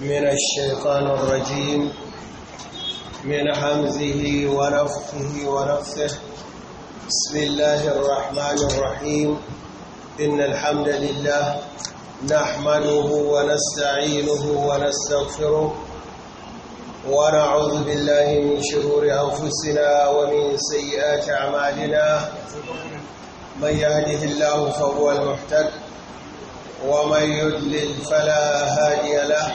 من الشيطان الرجيم من حمزه ونفخه ونفثه بسم الله الرحمن الرحيم إن الحمد لله نحمده ونستعينه ونستغفره ونعوذ بالله من شرور أنفسنا ومن سيئات أعمالنا من يهده الله فهو المحتد ومن يدلل فلا هادي له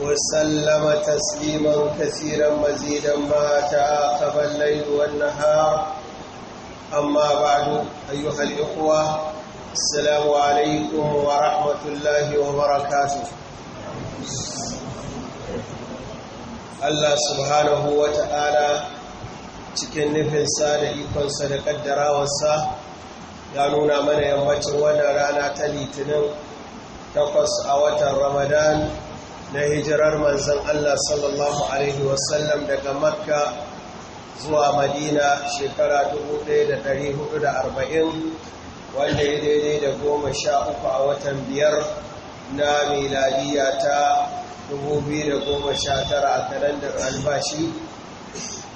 وسلم تسليما كثيرا مزيدا ما تعاقب الليل والنهار أما بعد أيها الإخوة السلام عليكم ورحمة الله وبركاته Allah subhanahu wa ta'ala cikin nufinsa da ikonsa da ƙaddarawarsa ya nuna mana yammacin wannan rana ta litinin takwas a watan Ramadan na hijirar manzan Allah sallallahu Alaihi wasallam daga makka zuwa madina shekara 1440 wanda ya daidai da goma sha uku a watan biyar na miladiya ta 2019 a kalandar albashi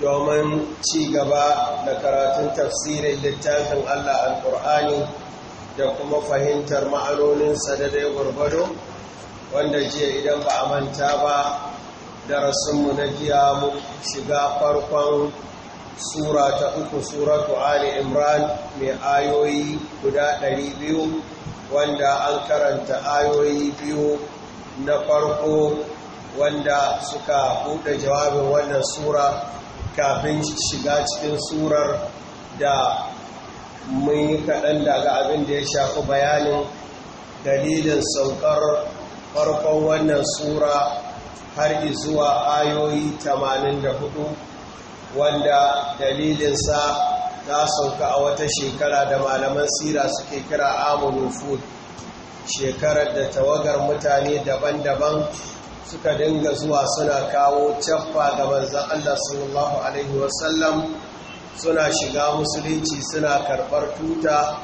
domin ci gaba da karatun tafsirin littafin Allah al-Qur'ani da kuma fahimtar ma'anoninsa da dai gwargwado wanda jiya idan ba a manta ba darasinmu na jiya mu shiga farkon sura ta uku suratu ali imran mai ayoyi guda 200 wanda an karanta ayoyi biyu na farko wanda suka buɗe jawabin wannan sura kafin shiga cikin surar da mun yi kaɗan daga abin da ya shafi bayanin dalilin saukar farkon wannan sura har zuwa ayoyi 84 wanda dalilinsa ta sauka a wata shekara da malaman sira suke kira amuru food shekarar da tawagar mutane daban-daban suka dinga zuwa suna kawo caffa ga manzan Allah sallallahu Alaihi wasallam suna shiga musulunci suna karɓar tuta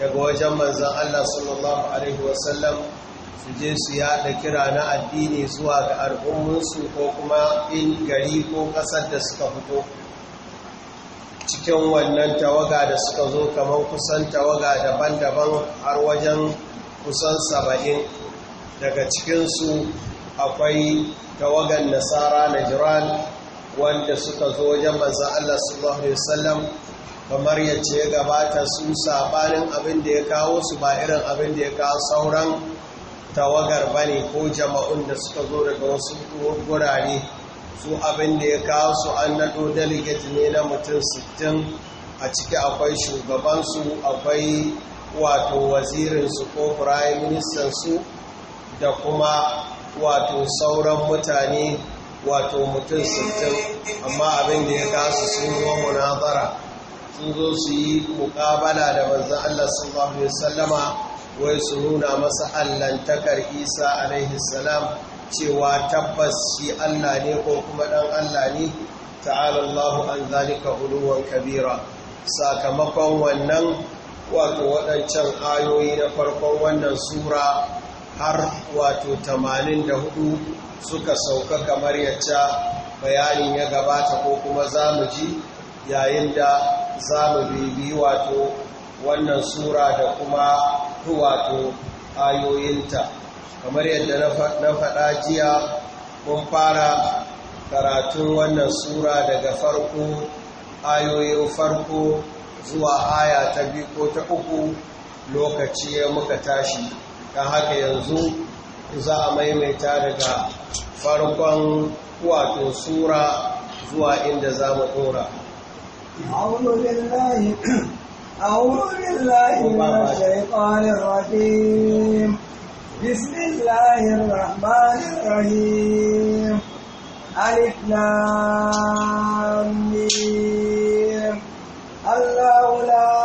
daga wajen manzan Allah sallallahu Alaihi wasallam su je su yada kira na addini zuwa ga al'ummunsu ko kuma in gari ko kasar da suka fito cikin wannan tawaga da suka zo kamar kusan tawaga daban-daban har wajen kusan saba'in daga cikinsu akwai tawagan nasara na jiran wanda suka zo wajen manza Allah sallallahu Alaihi sallam kamar yace gabata su sabanin abin da ya kawo su ba irin abin da ya kawo sauran tawagar ba ne ko jama'un da suka zo daga wasu gurare su abin da ya kawo su an naɗo delegate ne na mutum 60 a ciki akwai shugabansu akwai wato wazirinsu ko prime minister su da kuma wato sauran mutane wato mutum 60 amma abin da ya kasu sun zo munazara sun zo su yi mukabala da manzan Allah sallallahu alaihi wasallama wai su nuna masa allantakar isa alaihi salam cewa tabbas shi allah ne ko kuma dan allah ne ta'ala allahu an zalika huluwan kabira sakamakon wannan wato waɗancan ayoyi na farkon wannan sura har wato 84 suka sauka kamar yacca bayanin ya gabata ko kuma za mu ji yayin da za mu bibi wato wannan sura da kuma wato ayoyinta kamar yadda na faɗa jiya kun fara karatun wannan sura daga farko ayoyin farko zuwa aya ta biyu ko ta uku lokaci ya muka tashi ta haka yanzu za a maimaita daga farkon wato sura zuwa inda za mu ɗora. أعوذ بالله من الشيطان الرجيم بسم الله الرحمن الرحيم ألف لام الله لا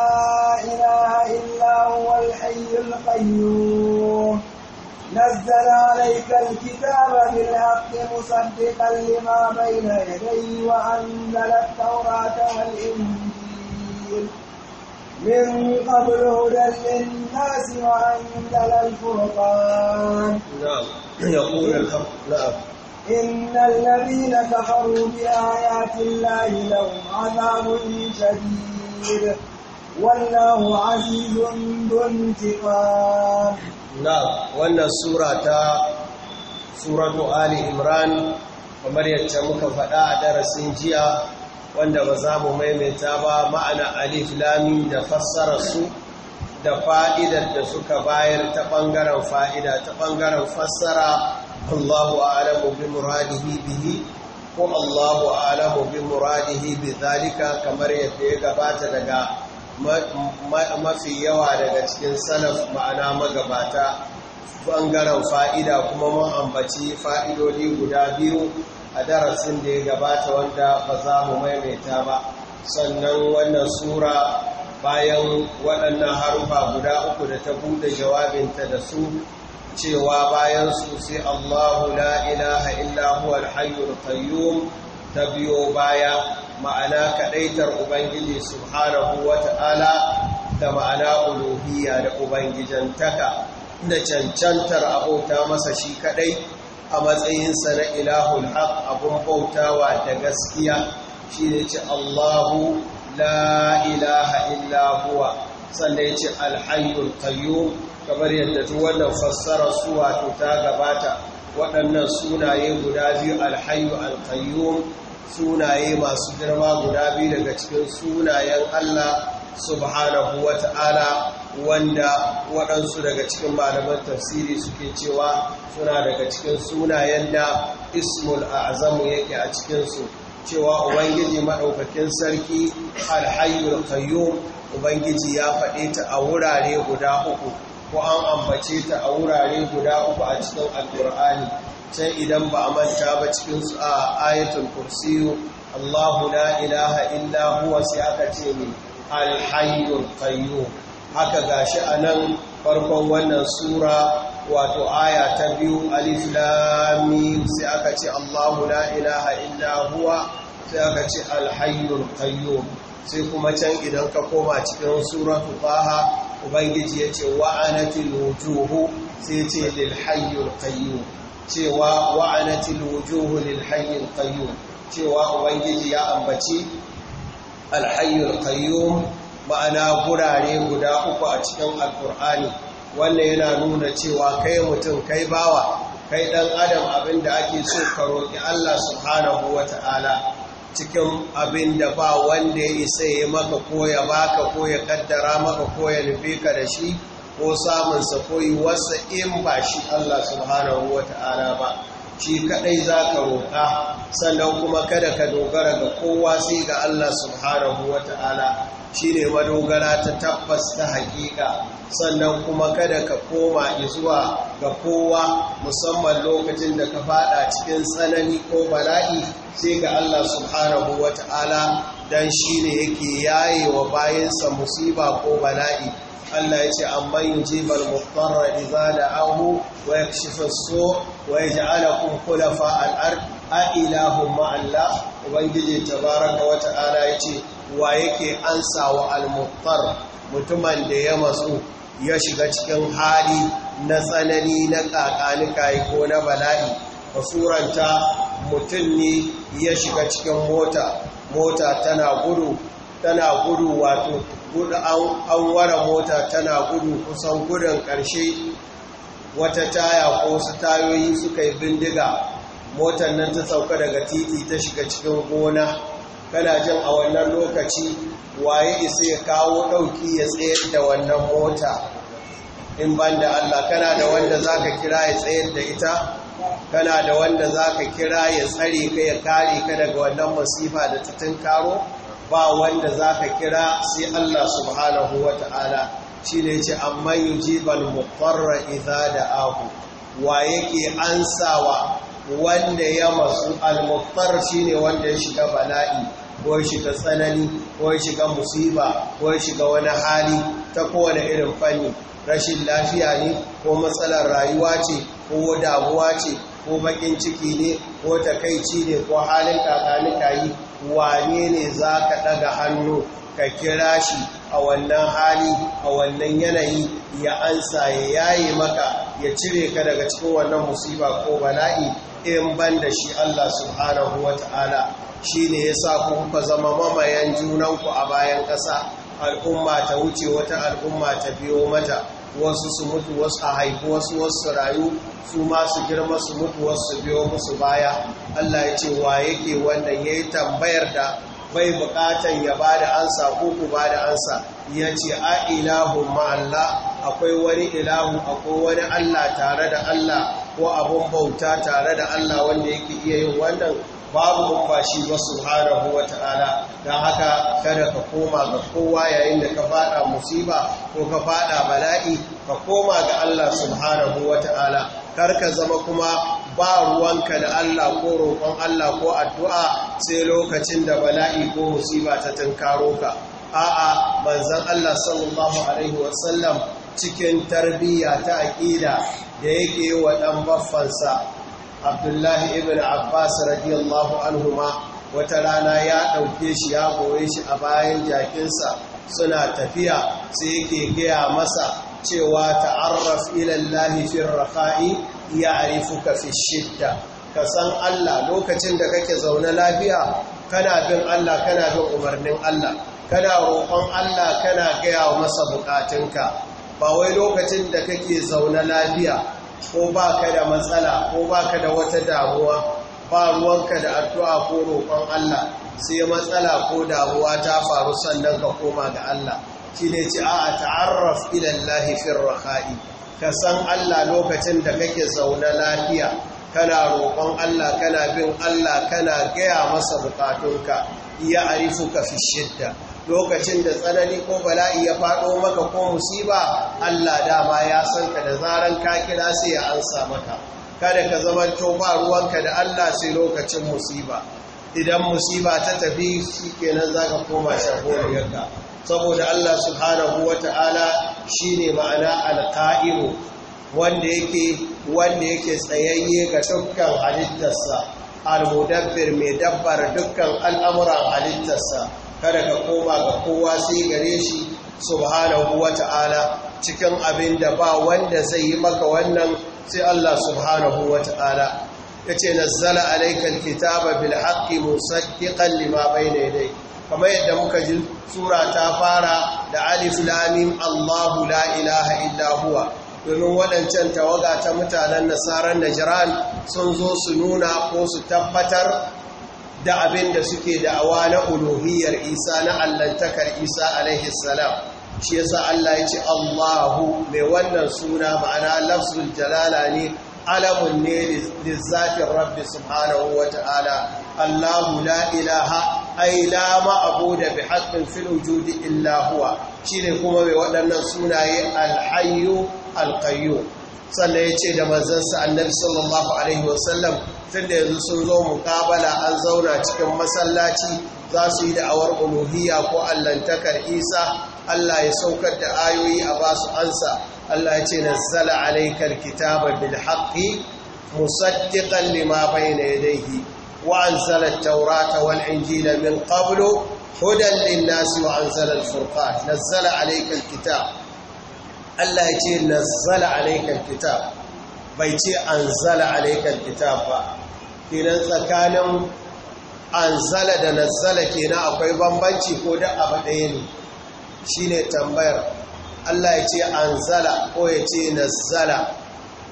إله إلا هو الحي القيوم نزل عليك الكتاب بالحق مصدقا لما بين يديه وأنزل التوراة والإنجيل من قبل هدى للناس وأنزل الفرقان نعم يقول الحق نعم إن الذين كفروا بآيات الله لهم عذاب شديد والله عزيز ذو انتقام نعم وأن سورة سورة آل عمران kamar yadda muka faɗa a darasin jiya wanda ba za mu maimaita ba ma'ana alif lami da fassara su da fa'idar da suka bayar ta ɓangaren fa'ida ta ɓangaren fassara Allahu a'lamu bi muradihi bihi ko Allahu a'lamu bi muradihi bi zalika kamar yadda ya gabata daga mafi yawa daga cikin salaf ma'ana magabata ɓangaren fa'ida kuma mun ambaci fa'idodi guda biyu a darasin da ya gabata wanda ba za mu maimaita ba sannan wannan sura bayan waɗannan harufa guda uku da ta buɗe jawabinta da su cewa bayan su sai Allahu la ilaha illa huwa al-hayyul qayyum ta biyo baya ma'ana kadaitar ubangiji subhanahu wata'ala da ma'ana uluhiyya da ubangijantaka da cancantar abota masa shi kadai a matsayinsa na ilahul haq abun bautawa da gaskiya shi ne ce Allahu la ilaha illa huwa sannan ya ce alhayyul qayyum kamar yadda duk wannan fassara su wato ta gabata waɗannan sunaye guda biyu al alqayyum sunaye masu girma guda biyu daga cikin sunayen Allah subhanahu wata'ala wanda waɗansu daga cikin malaman tafsiri suke cewa suna daga cikin sunayen da ismul azamu yake a cikinsu cewa ubangiji maɗaukakin sarki alhayyul kayo ubangiji ya faɗe ta a wurare guda uku ko an ambace ta a wurare guda uku a cikin alkur'ani can idan ba a manta ba cikin su a ayatul kursiyu Allahu la ilaha illa huwa sai aka ce ne alhayyul qayyum haka gashi a nan farkon wannan sura wato aya ta biyu alif sai aka ce Allahu la ilaha illa huwa sai aka ce alhayyul qayyum sai kuma can idan ka koma cikin suratu baha ubangiji yace wa'anatil wujuhu sai ce lilhayyul cewa wa'anatil wujuhu lilhayyul cewa ubangiji ya ambaci alhayyul qayyum ma'ana gurare guda uku a cikin alkur'ani wannan yana nuna cewa kai mutum kai bawa kai dan adam abin da ake so ka roƙi Allah subhanahu wata'ala cikin abin da ba wanda ya isa ya maka koya, ba ka koya, kaddara maka koya, ka da shi ko samunsa ko wasa in ba shi Allah subhanahu wata'ala ba shi kadai za ka roƙa sannan kuma kada ka dogara ga kowa sai ga Allah subhanahu ta'ala shine madogara ta tabbas ta hakika sannan kuma kada ka koma zuwa ga kowa musamman lokacin da ka fada cikin tsanani ko bala'i sai ga Allah subhanahu wata'ala dan shine yake yaye wa bayansa musiba ko bala'i Allah ya ce amma yujibal muqtarra idza da'ahu wa yakshifu as-su' wa yaj'alukum khulafa al-ard a ilahu ma'allah ubangiji tabaraka wata'ala ya ce wa yake ansa wa almuttar mutumin da ya masu ya shiga cikin hali na tsanani na kakanika ko na bala'i a suranta mutum ne ya shiga cikin mota mota tana gudu tana gudu wato gudu an wara mota tana gudu kusan gudun ƙarshe wata taya ko su tayoyi suka yi bindiga motar nan ta sauka daga titi ta shiga cikin gona kana jin a wannan lokaci waye isa ya kawo ɗauki ya tsayar da wannan mota in ban da Allah kana da wanda za ka kira ya tsayar da ita kana da wanda za ka kira ya tsare ka ya kare ka daga wannan masifa da titin karo ba wanda za ka kira sai Allah subhanahu wa ta'ala shi ne ce amma yi jiban mukwarra iza da abu. wa yake ansawa wanda ya masu almukwar shi ne wanda ya shiga bala'i ko ya shiga tsanani ko ya shiga musiba ko ya shiga wani hali ta kowane irin fanni rashin lafiya ne ko matsalar rayuwa ce ko damuwa ce ko bakin ciki ne ko takaici ne ko halin kakanika yi wane ne za ka ɗaga hannu ka kira shi a wannan hali a wannan yanayi ya ansa ya yaye maka ya cire ka daga cikin wannan musiba ko bala'i in ban da shi Allah subhanahu wa ta'ala shi ne ya sa kuka zama mamayan junanku a bayan ƙasa al'umma ta wuce wata al'umma ta biyo mata wasu su mutu wasu a haifu wasu wasu rayu su masu girma su mutu wasu biyo musu baya Allah ya ce wa yake wannan ya yi tambayar da bai bukatan ya ba da ansa ko ku ba da ansa ya ce a ilahun ma'alla akwai wani ilahu akwai wani Allah tare da Allah ko abun bauta tare da Allah wanda yake iya yin wannan babu umfashi ba subhanahu wa ta'ala don haka kada ka koma ga kowa yayin da ka fada musiba ko ka fada bala'i ka koma ga Allah subhanahu wa ta'ala kar ka zama kuma ba ruwanka da Allah ko roƙon Allah ko addu'a sai lokacin da bala'i ko musiba ta tunkaro ka a'a manzon Allah sallallahu alaihi wasallam cikin tarbiyya ta aƙida da yake wa ɗan baffansa abdullahi ibn abbas radiyallahu anhuma wata rana ya ɗauke shi ya goye shi a bayan jakinsa suna tafiya sai yake gaya masa cewa ta'arraf ilallahi fi rafa'i ya'rifuka fi shidda ka san Allah lokacin da kake zaune lafiya kana bin Allah kana bin umarnin Allah kana roƙon Allah kana gaya masa bukatunka ba wai lokacin da kake zaune lafiya ko ba ka da matsala ko ba ka da wata damuwa ba ruwanka da addu'a ko roƙon Allah sai matsala ko damuwa ta faru sannan ka koma ga Allah shi ne ci a ta'arraf ilallahi lahifin raka’i ka san Allah lokacin da kake zaune lafiya kana roƙon Allah kana bin Allah kana gaya masa bukatunka ya arifu ka fi shidda lokacin da tsanani ko bala'i ya faɗo maka ko musiba Allah dama ya san ka da zaran ka kira sai ya ansa maka kada ka zama to ba ruwanka da Allah sai lokacin musiba idan musiba ta tafi shikenan zaka koma shagoriyarka saboda Allah subhanahu wata'ala shine ma'ana alqa'imu wanda yake wanda yake tsayayye ga dukkan halittarsa al-mudabbir mai dabbar dukkan al'amuran halittarsa kada ka koma ga kowa sai gare shi subhanahu wata'ala cikin abin da ba wanda zai yi maka wannan sai Allah subhanahu wata'ala yace nazzala alaykal kitaba bil haqqi musaddiqan lima bayna yadayhi kamar yadda muka ji sura ta fara da alif lamim Allahu la ilaha illa huwa domin waɗancan tawaga ta mutanen nasarar najiran sun zo su nuna ko su tabbatar da abin da suke da'awa na uluhiyar isa na allantakar isa alaihi salam shi yasa Allah ya ce Allahu mai wannan suna ma'ana lafsul jalala ne alamun ne lizzafin rabbi subhanahu wa ta'ala Allahu la ilaha ai la ma'abuda bi haqqin filin wujudi illa huwa shine kuma mai waɗannan sunaye al-hayyu Sannan ya sannan yace da manzansa annabi sallallahu alaihi wasallam tun da yanzu sun zo mukabala an zauna cikin masallaci za su yi da'awar uluhiyya ko allantakar isa allah ya saukar da ayoyi a ba su ansa allah ya ce nazzala alaikar kitaba bil haqqi musaddiqan lima bayna yadayhi wa anzala taurata wal injila min qablu hudan lin-nasi wa anzala al-furqan nazzala alaikal kitab allah ya ce nazzala alaikal kitab bai ce an zala alaikar kitab ba kenan tsakanin an zala da nazala kenan akwai bambanci ko da abu ɗaya ne shi ne tambayar allah ya ce an zala ko ya ce nazala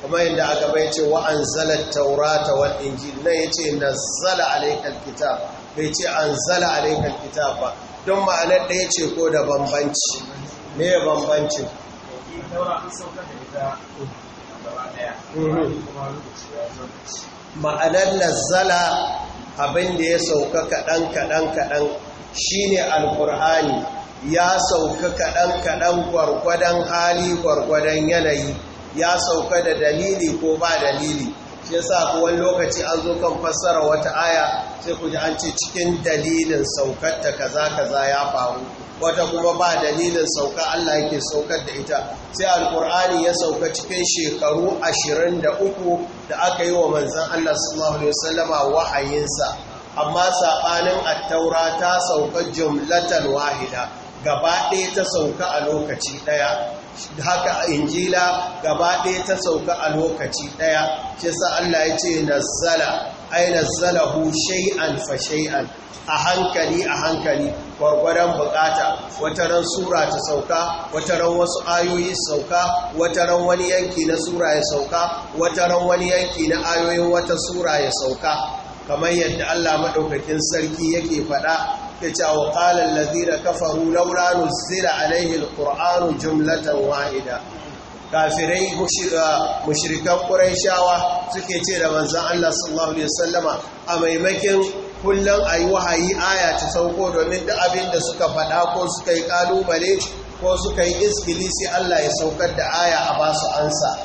kuma yadda aka bai ce wa an zala taurata wa injil na ya ce nazala alaikar kitab bai ce an zala alaikar kitab ba don ma'anar ɗaya ce ko da bambanci ne bambanci ma'anar nazzala abinda ya sauka kaɗan kaɗan kaɗan shi ne alkur'ani ya sauka kaɗan kaɗan gwargwadon hali gwargwadon yanayi ya sauka da dalili ko ba dalili shi yasa kuwan lokaci an zo kan fassara wata aya sai ku an ce cikin dalilin saukarta kaza kaza ya faru wata kuma ba dalilin sauka Allah yake saukar da ita sai alkur'ani ya sauka cikin shekaru ashirin da uku da aka yi wa manzan Allah sallallahu alaihi wasallama wahayinsa amma saɓanin attaura ta sauka jumlatan wahida gaba ɗaya ta sauka a lokaci ɗaya haka injila gaba ɗaya ta sauka a lokaci ɗaya shi sa Allah ya ce nazzala Aina nazzalahu shay'an fa shay'an a hankali a hankali gwargwaron bukata wataran sura ta sauka wataran wasu ayoyi sauka wataran wani yanki na sura ya sauka wataran wani yanki na ayoyin wata sura ya sauka kamar yadda Allah madaukakin sarki yake faɗa yace ce wa qala allazina kafaru laula nuzila alaihi alqur'anu jumlatan wahida kafirai ah, mushrikan ƙurayshawa suke ce da manzan Allah sallallahu alaihi wasallama a maimakin kullum a yi wahayi aya ta sauko domin duk abin da suka faɗa ko suka yi ƙalubale ko suka yi iskili Allah ya saukar da aya a ba su ansa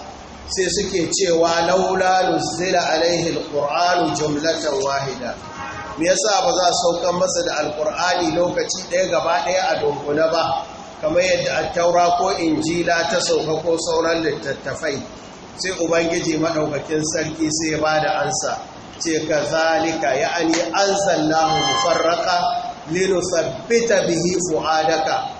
sai suke cewa laula nuzila alaihi alqur'anu jumlatan wahida me yasa ba za a saukar masa da alqur'ani lokaci ɗaya gaba ɗaya a dunkuna ba kamar yadda taura ko injila ta sauka ko sauran littattafai sai ubangiji maɗaukakin sarki sai ba da ansa ce ka zalika ya ani an zallahu mufarraka linusabbita bihi fu'adaka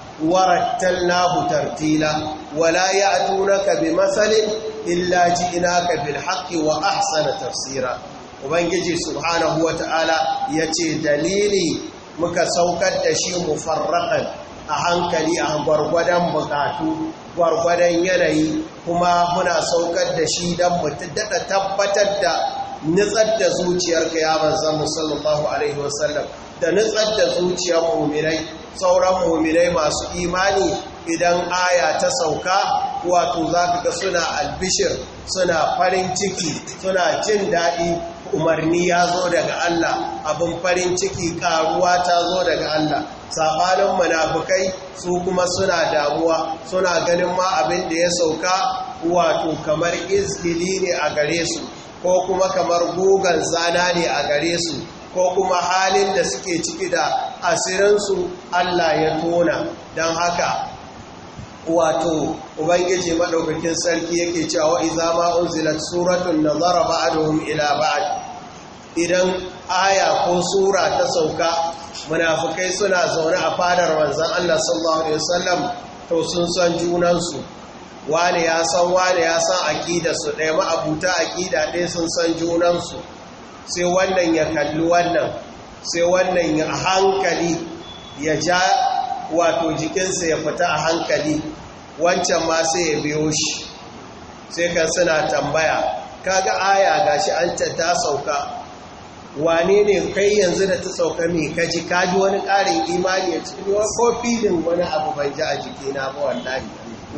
nahu tartila wala bi masalin illa ji'naka bil haqqi wa ahsana tafsira ubangiji subhanahu wata'ala yace dalili muka saukar da shi mufarraqan a hankali a gwargwadon bukatu gwargwadon yanayi kuma muna saukar da shi don mutum daɗa tabbatar da nutsar da zuciyarka ya manzan musallallahu alaihi wasallam da nutsar da zuciyar muminai sauran muminai masu imani idan aya ta sauka wato za ka ga suna albishir suna farin ciki suna jin daɗi umarni ya zo daga Allah abin farin ciki ƙaruwa ta zo daga Allah saɓanin munafukai su kuma suna damuwa suna ganin ma abin da ya sauka wato kamar izgili ne a gare su ko kuma kamar gugan zana ne a gare su ko kuma halin da suke ciki da asirinsu Allah ya tona don haka wato ubangiji maɗaukakin sarki yake cewa iza unzilat suratun nazara ba'aduhum ila ba'ad idan aya ko sura ta sauka munafukai suna zaune a fadar wanzan Allah sallallahu alaihi wasallam to sun san junansu wani ya san wani ya san aƙidarsu ɗaya ma'abuta aƙida ɗaya sun san junansu sai wannan ya kalli wannan sai wannan ya hankali ya ja wato jikinsa ya fita a hankali wancan ma sai ya biyo shi sai kan suna tambaya kaga aya gashi an ta sauka wane ne kai yanzu da ta sauka mai kaji kaji wani ƙarin imani a cikin wani kofilin wani abu ban ji a jikina ba wallahi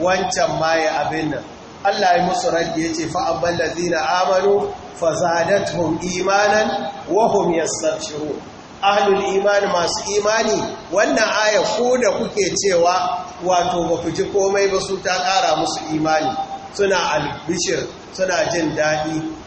wancan ma ya abin nan Allah ya musu raddi ya ce fa'abban lazina amanu hun imanan wahum shiru ahlul iman masu imani wannan aya ko da kuke cewa wato ba ku ji komai ba su ta ƙara musu imani suna albishir suna jin daɗi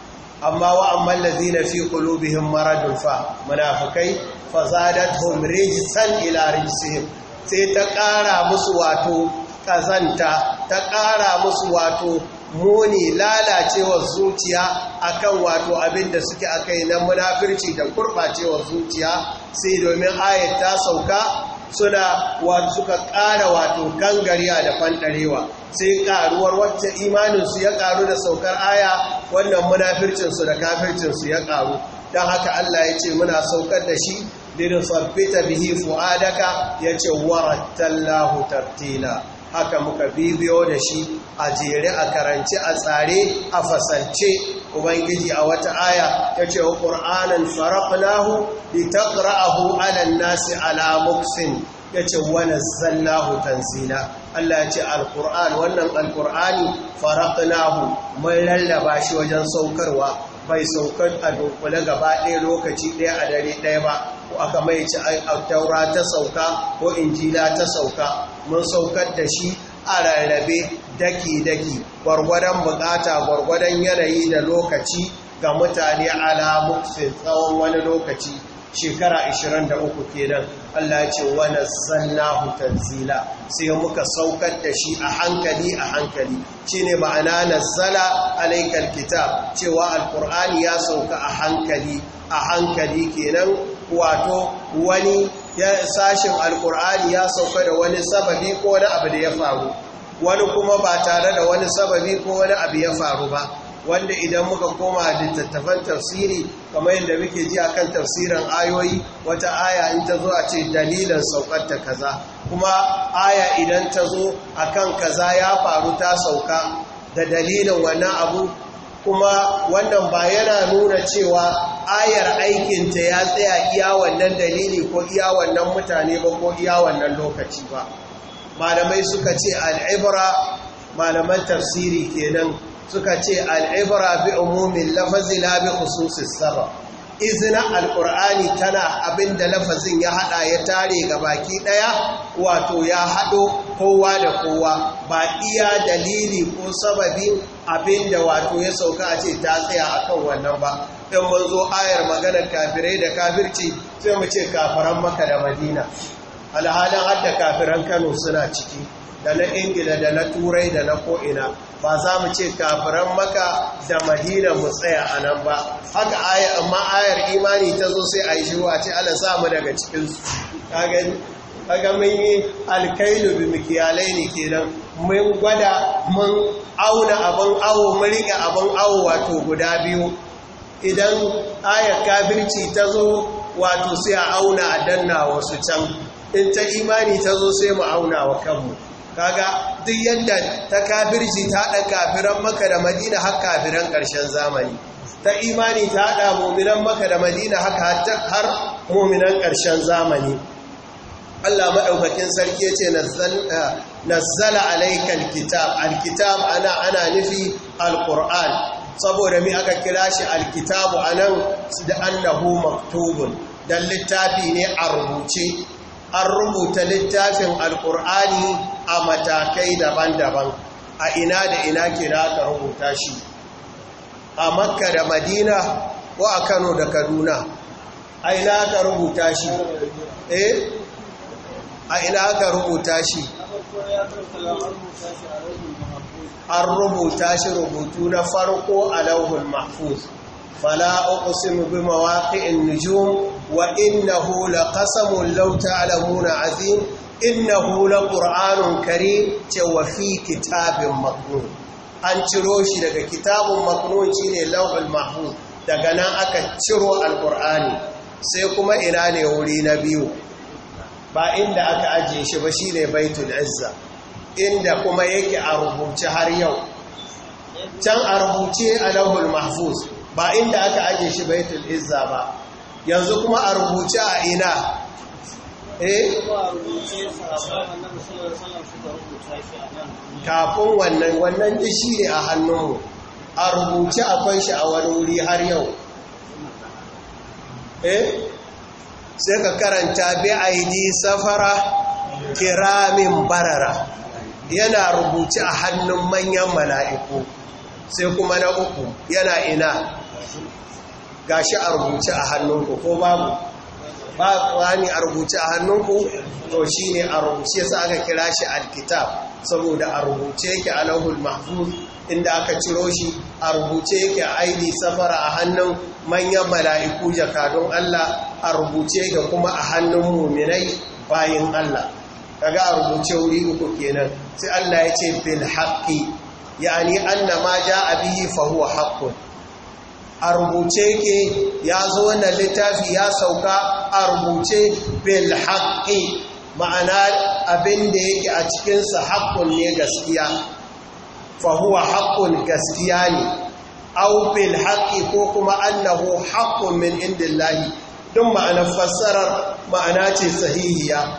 amma wa amma allazina fi qulubihim maradun fa munafikai fazadat rijsan ila rijsihim sai ta ƙara musu wato kazanta ta ƙara musu wato muni lalacewar zuciya akan wato abinda da suke akai na munafirci da kurɓacewar zuciya sai domin ayat ta sauka suna suka ƙara wato kan gariya da fanɗarewa sai ƙaruwar wacce imaninsu ya ƙaru da saukar aya wannan munafircinsu da kafircinsu ya ƙaru don haka Allah ya ce muna saukar da shi dirin sabbita bihi fu'adaka ya ce warattallahu tartila haka muka bibiyo da shi a jere a karance a tsare a fasance ubangiji a wata aya ta ce wa ƙur'anan farafinahu da ta ƙra'ahu alan nasi alamuksin ya ce wani zallahu tanzila Allah ya ce alƙur'an wannan alƙur'ani farafinahu mai lallaba shi wajen saukarwa bai saukar a dunkule gaba ɗaya lokaci ɗaya a dare ɗaya ba ko aka mai ci a taura ta sauka ko injila ta sauka mun saukar da shi a rarrabe daki-daki gwargwadon bukata gwargwadon yanayi da lokaci ga mutane ala muksin tsawon wani lokaci shekara 23 kenan Allah ce wani sannahu tanzila sai muka saukar da shi a hankali a hankali ce ne ma'ana nazzala alaikar kitab cewa alkur'ani ya sauka a hankali a hankali kenan wato wani sashin alkur'ani ya sauka da wani sababi ko na abu da ya faru wani kuma ba tare da wani sababi ko wani abu ya faru ba wanda idan muka koma littattafan tafsiri kamar yadda muke ji akan tafsirin ayoyi wata aya in ta zo a ce dalilan saukar ta kaza kuma aya idan ta zo a kan kaza ya faru ta sauka da dalilin wannan abu kuma wannan ba yana nuna cewa ayar aikinta ya tsaya iya wannan dalili ko iya wannan mutane ba ko iya wannan lokaci ba malamai suka ce al'ibra malaman tafsiri kenan suka ce al'ibra bi umumin lafazi la bi khususis izina alƙur'ani tana abinda lafazin ya haɗa ya tare ga baki ɗaya wato ya haɗo kowa da kowa ba iya dalili ko sababi abinda wato ya sauka a ce ta tsaya a kan wannan ba ɗan zo ayar maganar kafirai da kafirci sai mu ce kafaran maka da madina alhalin hadda kafiran kano suna ciki da na ingila da na turai da na ko'ina ba za mu ce kafiran maka da madina mu tsaya a nan ba haka amma ayar imani ta zo sai a yi shiru a ce ala samu daga cikinsu kaga mun yi alkailu bi mikiyalai ne kenan mun gwada mun auna abin awo mun riƙe abin awo wato guda biyu idan ayar kafirci ta zo wato sai a auna a danna wasu can in ta imani ta zo sai mu auna wa kanmu kaga duk yadda ta kafirci ta haɗa kafiran maka da madina har kafiran ƙarshen zamani ta imani ta haɗa muminan maka da madina haka har muminan ƙarshen zamani allah maɗaukakin sarki ya ce eh, nazzala alaikal kitab alkitab ana ana nufi alƙur'an saboda mi aka kira shi alkitabu anan da annahu maktubun dan littafi ne a rubuce an rubuta littafin alkur'ani a matakai daban-daban a ina da ina kira ka rubuta shi a makka da madina ko a kano da kaduna a ina ka rubuta shi eh a ina ka rubuta shi an rubuta shi rubutu na farko a lauhun mahfuz fala uqsimu bi mawaqi'in nujum wa innahu laqasamun law ta'lamuna azim innahu laqur'anun karim cewa fi kitabin maknun an ciro shi daga kitabun maknun shine lawhul mahfuz daga nan aka ciro alqur'ani sai kuma ina ne wuri na biyu ba inda aka ajiye shi ba shine baitul izza inda kuma yake a rubuce har yau can a rubuce a lawhul mahfuz ba inda aka aje shi baitul izza ba yanzu kuma a rubuce a ina eh kafin wannan wannan dishi ne a hannunmu a rubuce akwai shi a wani wuri har yau eh sai ka karanta bi aidi safara kiramin barara yana rubuce a hannun manyan mala'iku sai kuma na uku yana ina Ga shi a rubuce a hannunku ko babu ba a rubuce a hannunku to shi ne a rubuce sa aka kira shi alkitab saboda a rubuce yake a lahul mahfuz inda aka ciro shi a rubuce yake a aini safara a hannun manyan mala'iku jakadun Allah a rubuce yake kuma a hannun muminai bayin Allah kaga a rubuce wuri uku kenan sai Allah ya ce bil haqqi yani anna ma jaa bihi fa huwa haqqun a rubuce ya zo na littafi ya sauka a rubuce bil haqqi ma'ana abin da yake a cikinsa haƙƙun ne gaskiya fahuwa haƙƙun gaskiya ne au bil haƙƙi ko kuma annahu haƙƙun min indillahi duk ma'ana fassarar ma'ana ce sahihiya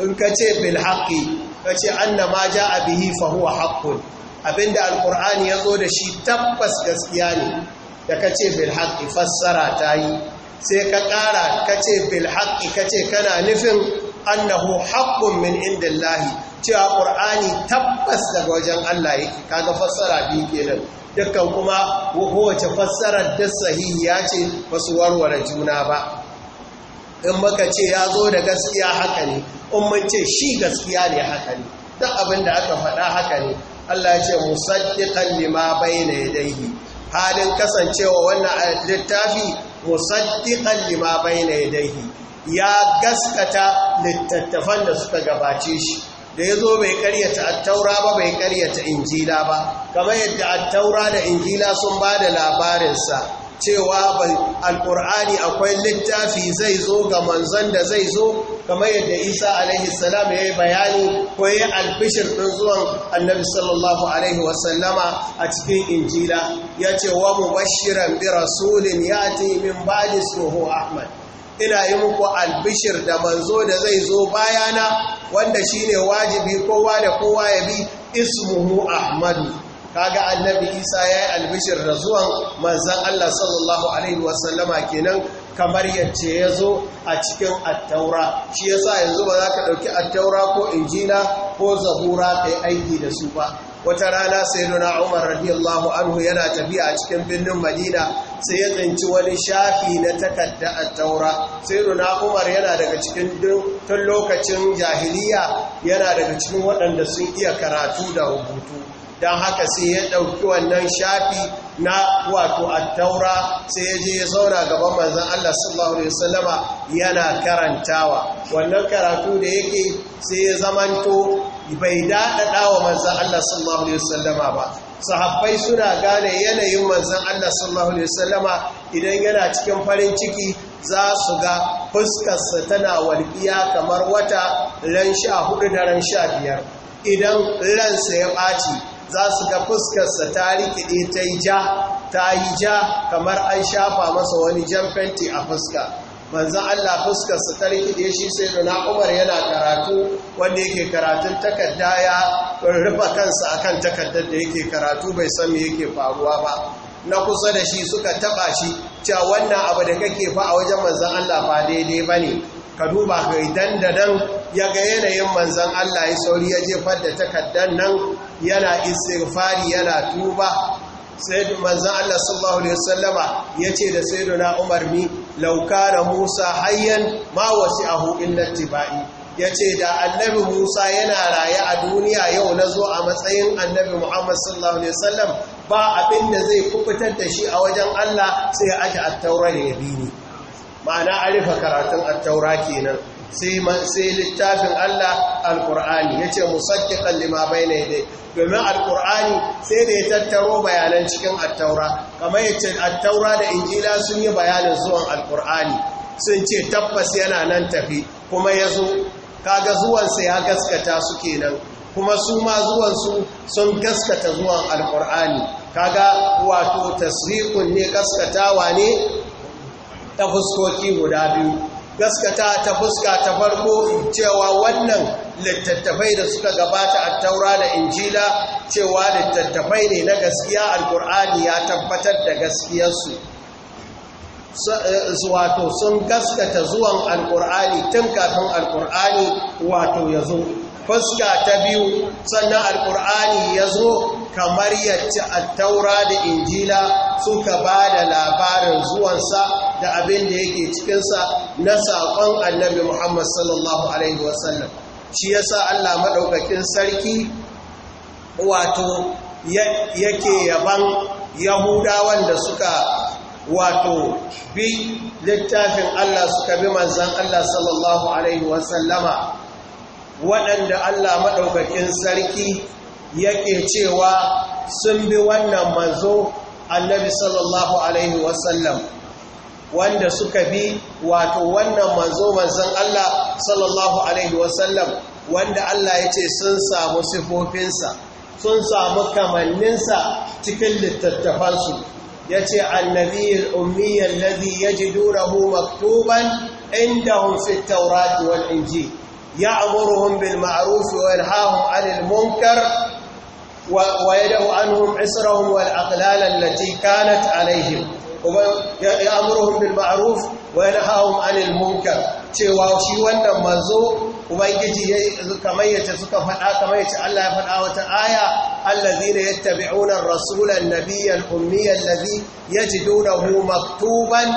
in ka ce bil haƙƙi ka ce annama ja a bihi fahuwa haƙƙun abinda alƙur'ani ya zo da shi tabbas gaskiya ne da ka ce bilhaki fassara ta yi sai ka ƙara ka ce bilhaki ka ce kana nufin annahu haƙƙun min indillahi cewa ƙur'ani tabbas daga wajen Allah yake kaga fassara biyu kenan dukkan kuma kowace fassarar da ya ce su warware juna ba in baka ce ya zo da gaskiya haka ne in mun ce shi gaskiya ne haka ne duk abin da aka faɗa haka ne Allah ya ce musaddiqan lima bayna yadayhi halin kasancewa wannan littafi musaddiqan lima bayna yadayhi ya gaskata littattafan da suka gabace shi da ya zo bai karyata attaura ba bai karyata injila ba kamar yadda attaura da injila sun ba da labarinsa cewa alƙur'ani akwai littafi zai zo ga manzon da zai zo kamar yadda isa alaihi salam ya yi bayani ko ya albishir ɗin zuwan annabi sallallahu alaihi wasallama a cikin injila ya ce wa mu bashiran bi rasulin ya ti min ba'di soho ahmad ina yi muku albishir da manzo da zai zo bayana wanda shine wajibi kowa da kowa ya bi ismuhu ahmadu kaga annabi isa ya yi albishir da zuwan manzan allah sallallahu alaihi wasallama kenan kamar yance ya zo a cikin attaura shi ya sa yanzu ba za ka ɗauki attaura ko injina ko zabura kai aiki da su ba wata rana sai nuna umar radiyallahu anhu yana tafiya a cikin birnin madina sai ya tsinci wani shafi na takarda attaura sai nuna umar yana daga cikin tun lokacin jahiliya yana daga cikin waɗanda sun iya karatu da rubutu don haka sai ya ɗauki wannan shafi na wato taura, sai ya je ya zauna gaban manzan Allah sallallahu Alaihi wasallama yana karantawa wannan karatu da yake sai ya zamanto bai daɗaɗa wa manzan Allah sallallahu Alaihi wasallama ba sahabbai suna gane yanayin manzan Allah sallallahu Alaihi wasallama idan yana cikin farin ciki za su ga fuskarsa tana walƙiya kamar wata ran sha hudu da ran sha biyar idan ransa ya ɓaci za su ga fuskarsa ta rikide ta yi ja ta yi ja kamar an shafa masa wani jan fenti a fuska manzo Allah fuskarsa ta rikide shi sai na umar yana karatu wanda yake karatun takarda ya rufa kansa akan takardar da yake karatu bai san me yake faruwa ba na kusa da shi suka taba shi cewa wannan abu da kake fa a wajen manzan Allah ba daidai bane ka duba da dan ya ga yanayin manzon Allah ya sauri ya jefar da takaddan nan yana istighfari yana tuba sayyidu manzan Allah sallallahu alaihi wasallama yace da sayyiduna Umar mi da Musa hayyan ma wasi'ahu illa tibai yace da annabi Musa yana raye a duniya yau nazo a matsayin annabi Muhammad sallallahu alaihi wasallam ba abin da zai kubutar da shi a wajen Allah sai ya aje at-taura da yabini ma'ana arifa karatun at-taura kenan sai littafin Allah alkur'ani ya ce kalli lima bai na dai domin alkur'ani sai da ya tattaro bayanan cikin attaura kamar yace attaura da injila sun yi bayanin zuwan alkur'ani sun ce tabbas yana nan tafi kuma ya zo kaga zuwansa ya gaskata su kenan kuma su ma zuwansu sun gaskata zuwan alkur'ani kaga wato tasriqun ne gaskatawa ne ta fuskoki guda biyu gaskata ta fuska ta farko cewa wannan littattafai da suka gabata a taura da injila cewa littattafai ne na gaskiya alkur'ani ya tabbatar da gaskiyarsu eh, wato sun gaskata zuwan alkur'ani tun kafin alkur'ani wato ya zo fuska ta biyu sannan alkur'ani ya zo kamar yadda attaura da injila suka ba da labarin zuwansa da abin da yake cikinsa na saƙon annabi muhammad sallallahu alaihi wasallam shi ya sa allah maɗaukakin sarki wato yake yaban yahudawan da suka wato bi littafin allah suka bi manzan allah sallallahu alaihi wasallama waɗanda Allah maɗaukakin sarki yake cewa sun bi wannan manzo annabi sallallahu alaihi wasallam wanda suka bi wato wannan manzo manzon Allah sallallahu alaihi wasallam wanda Allah ya ce sun samu sifofinsa sun samu kamanninsa cikin littattafansu ya ce Annabi ummiyar lazi ya ji durahu maktuban inda hunfi taurati wal injil يأمرهم بالمعروف وينهاهم عن المنكر ويدع عنهم عسرهم والأقلال التي كانت عليهم يأمرهم بالمعروف وينهاهم عن المنكر cewa shi wannan manzo ubangiji kamar yace suka faɗa kamar yace Allah ya faɗa wata aya allazina yattabi'una ar-rasula an-nabiyya al ji allazi yajidunahu maktuban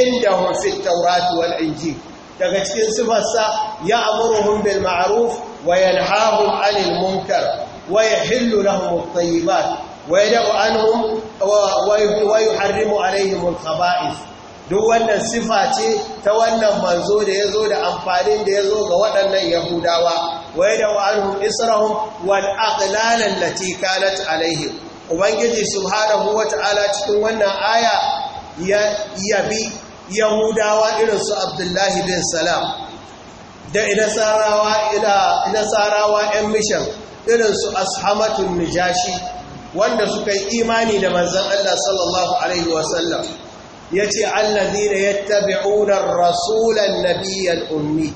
indahum fit-taurati wal-injil daga cikin sifarsa ya amuruhum bil ma'ruf wa yanhahum 'anil munkar wa yahillu lahum at-tayyibat wa yad'u anhum wa yuharrimu 'alayhim al-khaba'ith duk wannan sifa ce ta wannan manzo da yazo da amfanin da yazo ga waɗannan yahudawa wa yad'u anhum israhum wal aqlal allati kanat 'alayhim ubangiji subhanahu wata'ala cikin wannan aya ya yabi yahudawa irinsu abdullahi bin salam da nasarawa 'yan mishan irinsu ashamatun nijashi wanda suka yi imani da manzan Allah sallallahu Alaihi wasallam ya ce Allah da ya tabi'unar rasulan nabiyan ummi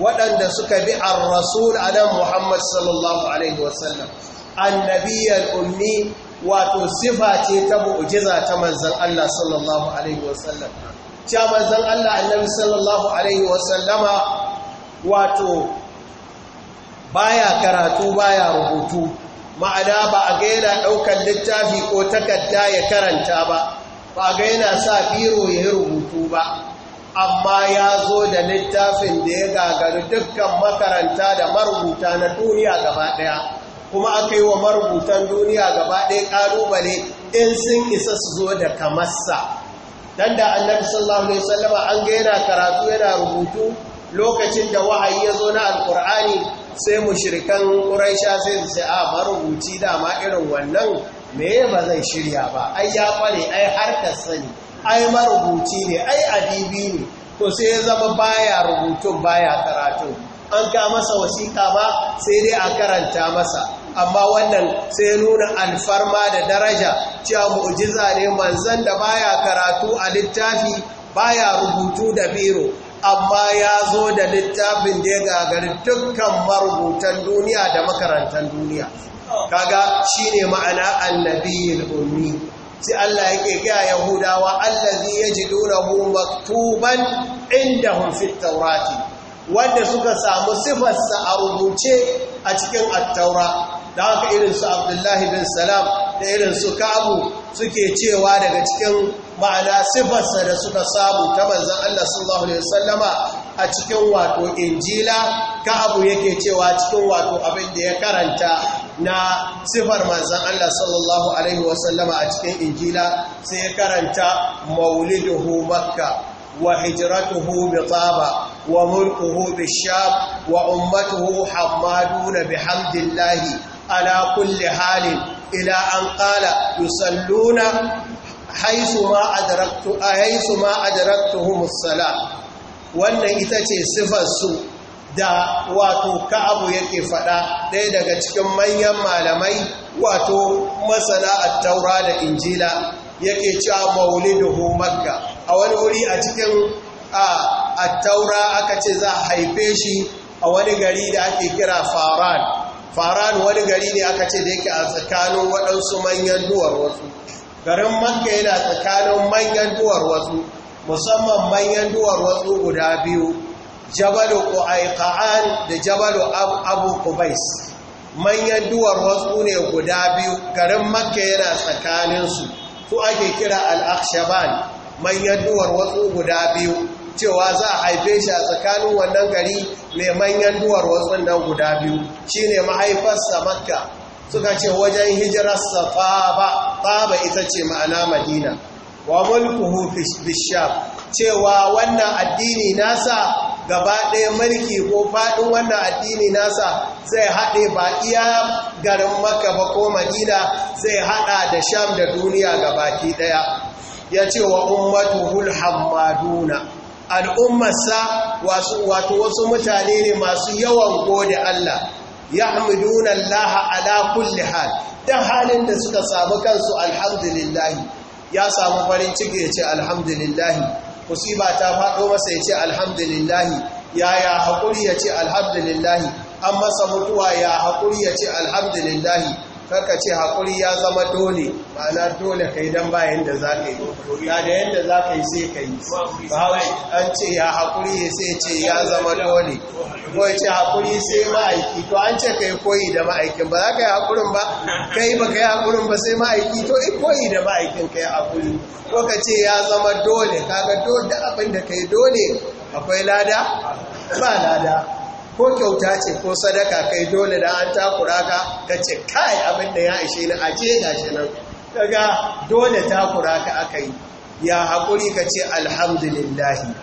waɗanda suka bi an rasul adam muhammad sallallahu Alaihi wasallam annabiyan ummi wato sifa ce ta mu'jiza ta manzan Allah sallallahu Alaihi wasallam cewa manzan Allah annabi sallallahu alaihi wasallama wato baya karatu baya rubutu ma'ana ba a ga yana ɗaukar littafi ko takarda ya karanta ba ba ga yana sa biro ya yi rubutu ba amma ya zo da littafin da ya gagari dukkan makaranta da marubuta na duniya gaba ɗaya kuma aka yi wa marubutan duniya gaba ɗaya ƙalubale in sun isa su zo da kamarsa dan da annabi sallallahu alaihi wasallama an ga yana karatu yana rubutu lokacin da wahayi ya zo na alkur'ani sai mushrikan quraisha sai su ce a marubuci dama irin wannan me ba zai shirya ba ai ya kware ai har ka sani ai marubuci ne ai adibi ne to sai ya zama baya rubutun baya karatu an ka masa wasiƙa ba sai dai a karanta masa amma wannan sai nuna alfarma da daraja cewa mu'jiza ne manzon da baya karatu a littafi baya rubutu da biro amma ya zo da littafin da ya gagari dukkan marubutan duniya da makarantar duniya kaga shine ma'ana annabiyul ummi sai Allah yake ga yahudawa allazi yajidunahu maktuban indahum fit tawrati wanda suka samu sifarsa a rubuce a cikin attaura da haka irinsu su abdullahi bin salam da irin su ka'abu suke cewa daga cikin ma'ana sifarsa da suka samu ta manzan Allah sallallahu alaihi wasallama a cikin wato injila ka'abu yake cewa cikin wato abin da ya karanta na sifar manzan Allah sallallahu alaihi wasallama a cikin injila sai ya karanta mauliduhu makka wa hijratuhu bi taba وملكه بالشام وأمته حمادون بحمد الله ala kulle halin ila an ƙala. yusalluna haisu ma adraktu haisu ma wannan ita ce sifar su da wato ka'abu yake fada ɗaya daga cikin manyan malamai wato masana a taura da injila yake cewa mauliduhu makka a wani wuri a cikin a taura aka ce za a haife shi a wani gari da ake kira faran faran wani gari ne aka ce da yake a tsakanin waɗansu manyan duwar wasu garin makka yana tsakanin manyan duwar wasu musamman manyan duwar wasu guda biyu jabalu ƙa'an da jabalu abu kubais manyan duwar wasu ne guda biyu garin makka yana tsakaninsu su ake kira al'akshaban manyan duwar wasu guda biyu cewa za a haife shi a tsakanin wannan gari mai manyan duwar watsun nan guda biyu shi ne mahaifarsa makka suka ce wajen hijirarsa faba faba ita ce ma'ana madina wa mulkuhu bisham cewa wannan addini nasa gaba ɗaya mulki ko faɗin wannan addini nasa zai haɗe ba iya garin Makka ba ko madina zai haɗa da sham da duniya gabaki ɗaya ya ce wa ummatu hulhammaduna al'ummarsa wato wasu mutane ne masu yawan gode Allah ya "Duna Allah ala kulli hal dan halin da suka samu kansu alhamdulillahi. ya samu farin ciki ya ce alhamdulillah musiba ta faɗo masa ya ce alhamdulillahi. Ya yaya haƙuri ya ce alhamdulillahi. an masa mutuwa ya haƙuri ya ce alhamdulillahi. karka ce haƙuri ya zama dole na dole ka yi don ba yadda za ka yi ya da yadda za ka yi sai ka yi ba an ce ya haƙuri sai ce ya zama dole ko ya ce haƙuri sai ma'aiki to an ce ka yi koyi da ma'aikin ba za ka yi haƙurin ba ka yi ba ka yi haƙurin ba sai ma'aiki to yi koyi da ma'aikin ka yi haƙuri ko ka ce ya zama dole kaga dole abin da ka yi dole akwai lada ba lada ko kyauta ce ko sadaka kai dole da an takura ka ka ce kai abinda ya ishe ni aje shi nan Daga dole takura ka aka yi ya haƙuri ka ce alhamdulillahi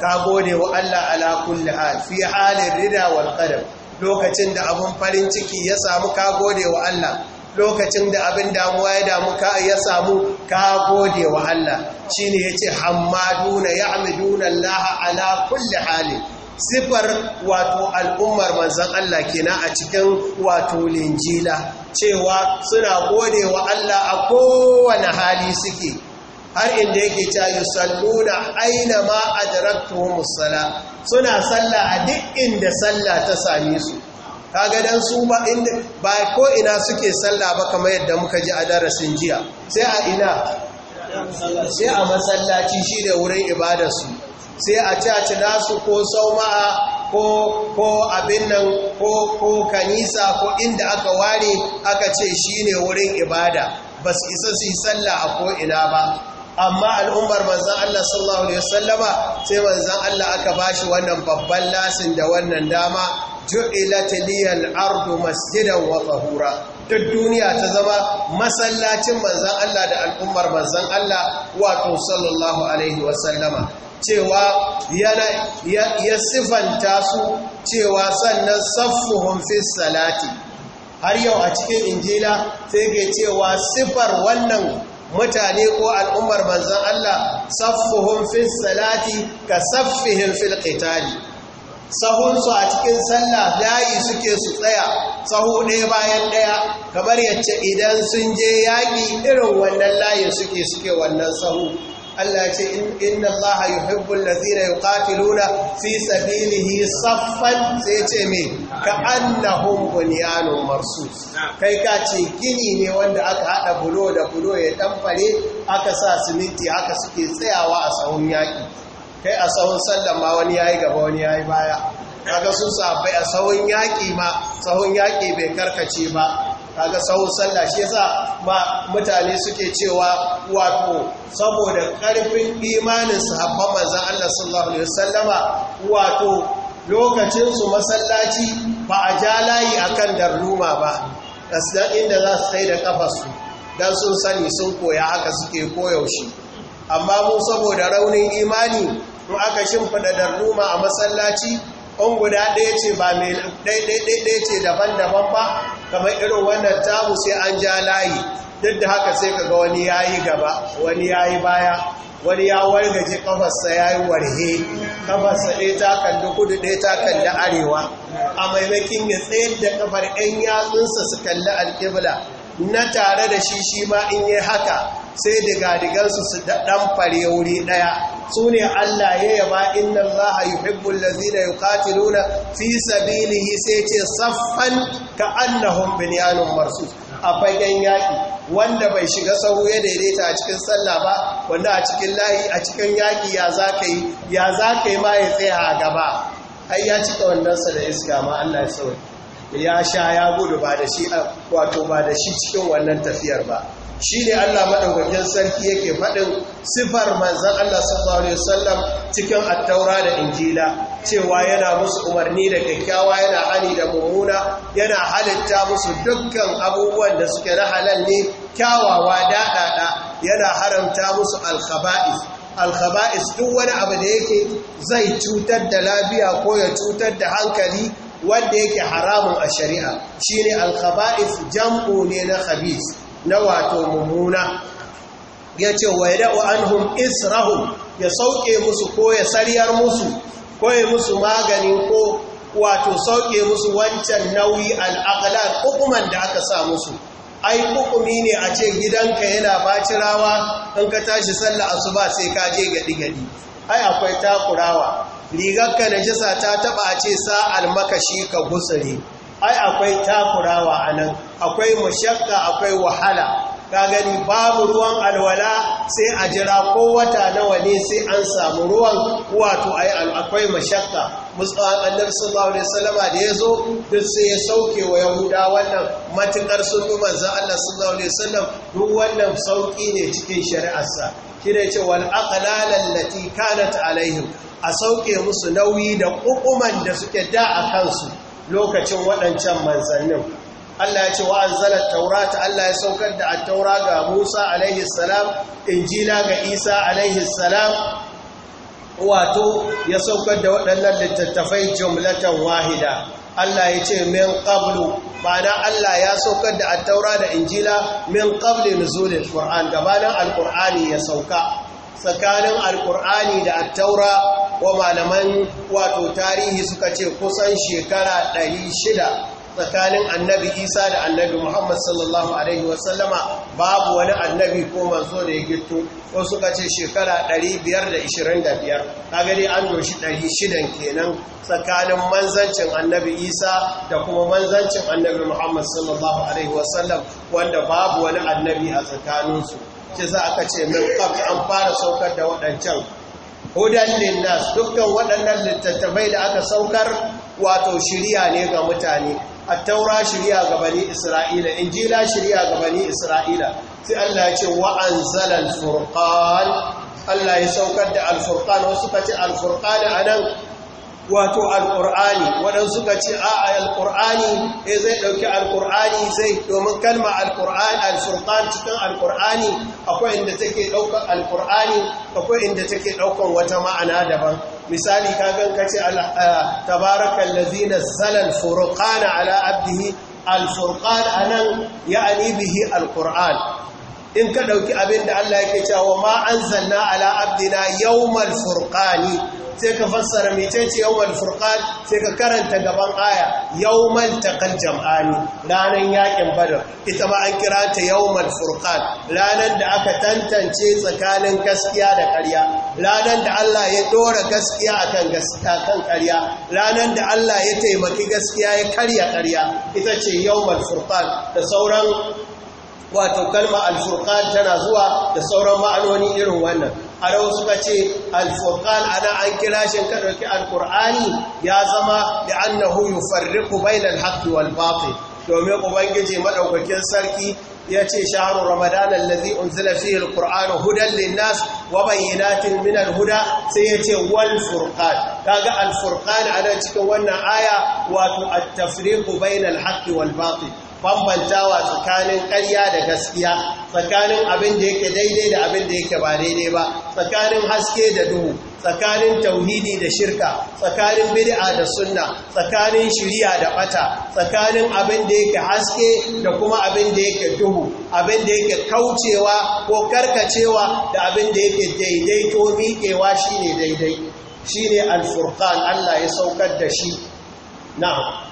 ka gode wa Allah ala kulli hal fi halin rida wal qadar lokacin da abun farin ciki ya samu ka gode wa Allah lokacin da abin damuwa ya damu ka ya samu ka gode wa Allah shine yace hammaduna ya'miduna Allah ala kulli halin sifar wato al'ummar manzan Allah kenan a cikin wato linjila cewa suna gode wa Allah a kowane hali suke har inda yake ta yi salluna aina ma a musala suna sallah a duk inda sallah ta same su kaga dan su ba inda ba ko ina suke sallah ba kamar yadda muka ji a darasin jiya sai a ina sai a masallaci shi da wurin ibadarsu sai a ci a ci nasu ko sauma'a ko ko abin nan ko ko kanisa ko inda aka ware aka ce shine wurin ibada ba su isa su yi sallah a ko ina ba amma al'ummar manzan Allah sallallahu alaihi wasallama sai manzan Allah aka bashi wannan babban lasin da wannan dama ju'ilat liyal ardu masjidan wa tahura duk duniya ta zama masallacin manzan Allah da al'ummar manzan Allah wato sallallahu alaihi wasallama cewa ya sifanta su cewa sannan saffuhun fi salati har yau a cikin injila sai ke cewa siffar wannan mutane ko al'ummar manzan Allah saffuhun fi salati ka saffihin fil qitali sahunsu a cikin sallah layi suke su tsaya sahu ɗaya bayan ɗaya kamar yacce idan sun je yaƙi irin wannan layin suke suke wannan sahu Allah ya ce inna Allah yuhibbul ladhina yuqatiluna fi sabilihi saffan sai ce me ka annahum bunyanun marsus kai ka ce gini ne wanda aka haɗa bulo da bulo ya damfare aka sa siminti haka suke tsayawa a sahun yaki kai a sahun sallan ma wani yayi gaba wani yayi baya kaga sun sabai a sahun yaki ma sahun yaki bai karkace ba kaga sahun sallah shi yasa ma mutane suke cewa wato saboda karfin imanin sahabban manzon Allah sallallahu alaihi wasallama wato lokacin su masallaci ba a ja layi akan darruma ba dan inda za su sai da kafarsu dan sun sani sun koya haka suke koyaushe amma mu saboda raunin imani in aka shimfida darruma a masallaci Wan guda ɗaya ce ba mai ɗaiɗaiɗaiɗai ce daban-daban ba kamar irin wannan tamu sai an ja layi duk da haka sai kaga wani ya yi gaba wani ya yi baya wani ya wargaje kafarsa ya yi warhe kafarsa ɗaya ta kalli kudu ɗaya ta kalli arewa a maimakin ya tsayar da ƙafar 'yan yatsunsa su kalli alƙibla na tare da shi shi ma in yi haka sai digadigansu su daɗan fari wuri ɗaya su ne Allah ya yaba inna Allah yuhibbul lazina nuna fi sabilihi sai ce saffan ka annahun bunyanun marsu a fagen yaƙi wanda bai shiga sahu ya daidaita a cikin sallah ba wanda a cikin layi a cikin yaƙi ya za ka yi ya za ka yi ma ya tsaya a gaba har ya cika wannan sa da iska ma Allah ya sauri ya sha ya gudu ba da shi wato ba da shi cikin wannan tafiyar ba shi ne Allah maɗaukakin sarki yake faɗin sifar manzan Allah sallallahu alaihi wasallam cikin attaura da injila cewa yana musu umarni da kyakkyawa yana ani da mummuna yana halitta musu dukkan abubuwan da suke na halal ne kyawawa daɗaɗa yana haramta musu al alkhaba'is duk wani abu da yake zai cutar da lafiya ko ya cutar da hankali wanda yake haramun a shari'a shine ne alkhaba'is jam'u ne na khabis na wato mummuna Ya yace wa an hun israhun ya sauƙe musu ko ya sariyar musu ko ya musu magani ko wato sauke musu wancan nauyi al hukuman da aka sa musu ai hukumi ne a ce gidanka yana bacirawa in ka tashi sallah asuba sai ka je gadi gadi ai akwai takurawa rigarka najasa ta taba ce sa almakashi ka gusare ai akwai takurawa a nan, akwai mashakka, akwai wahala ka gani babu ruwan alwala sai a jira ko wata nawa ne sai an samu ruwan wato ai akwai mashakka musamman annabi sallallahu alaihi wasallama da yazo duk sai ya sauke wa yahuda wannan matukar sun bi Allah sallallahu alaihi wasallam duk wannan sauki ne cikin shari'arsa shi ce wal aqlalan lati kanat alaihim a sauke musu nauyi da kukuman da suke da a kansu lokacin wadancan manzannin Allah ya ce wa anzala taurata Allah ya saukar da at-taura ga Musa alaihi salam injila ga Isa alaihi salam wato ya saukar da waɗannan littattafai jumlatan wahida Allah ya ce min qablu ma'ana Allah ya saukar da attaura da injila min qabli nuzulil qur'an gabanin alqur'ani ya sauka tsakanin Alƙur'ani da attaura wa malaman wato tarihi suka ce kusan shekara 600 tsakanin annabi isa da annabi muhammad sallallahu alaihi wasallama babu wani annabi ko manzo da ya gito ko suka ce shekara 525 gani an doshi 600 kenan tsakanin manzancin annabi isa da kuma manzancin annabi muhammad sallallahu alaihi wasallam wanda babu wani annabi a tsakaninsu ce za aka ce min kabta an fara saukar da waɗancan hudan linnas dukkan waɗannan littattafai da aka saukar wato shirya ne ga mutane attaura shari'a ga bani isra'ila injila shari'a ga bani isra'ila sai Allah ya ce wa anzala furqan Allah ya saukar da al-furqan wasu ka ce al-furqan anan wato al-qur'ani wadan suka ce a al-qur'ani eh zai dauki al-qur'ani zai domin kalma al-qur'an cikin al-qur'ani akwai inda take daukar al-qur'ani akwai inda take daukan wata ma'ana daban misali kagan kace ah, tabarakal ladzi nazzala zalal furqana ala abdihi al anan ya'ni bihi alqur'an in ka ɗauki abin da Allah yake cewa ma an zanna ala abdina yawmal furqani sai ka fassara mecece yawmal furqan sai ka karanta gaban aya yawmal taqal jam'ani ranar yakin badar ita ma an kira ta yawmal furqan ranar da aka tantance tsakanin gaskiya da ƙarya ranan da Allah ya dora gaskiya akan gaskiya kan ƙarya ranar da Allah ya taimaki gaskiya ya karya ƙarya ita ce yawmal furqan da sauran wato kalma alfurkan tana zuwa da sauran ma'anoni irin wannan arau suka ce alfurkan ana an kira shi ka dauki alqur'ani ya zama da annahu yufarriqu bainal haqqi wal domin ubangiji madaukakin sarki ya ce shaharu ramadan allazi unzila fihi alquran hudan linnas wa bayyinatin min alhuda sai ya ce wal Ga kaga alfurqan ana cikin wannan aya wato at-tafriqu bainal haqqi bambantawa tsakanin ƙarya da gaskiya tsakanin abin da yake daidai da abin da yake ba daidai ba tsakanin haske da duhu tsakanin tauhidi da shirka tsakanin bid'a da sunna tsakanin shiriya da bata tsakanin abin da yake haske da kuma abin da yake duhu abin da yake kaucewa ko karkacewa da abin da yake daidai ko miƙewa shine daidai shine al-furqan Allah ya saukar da shi na'am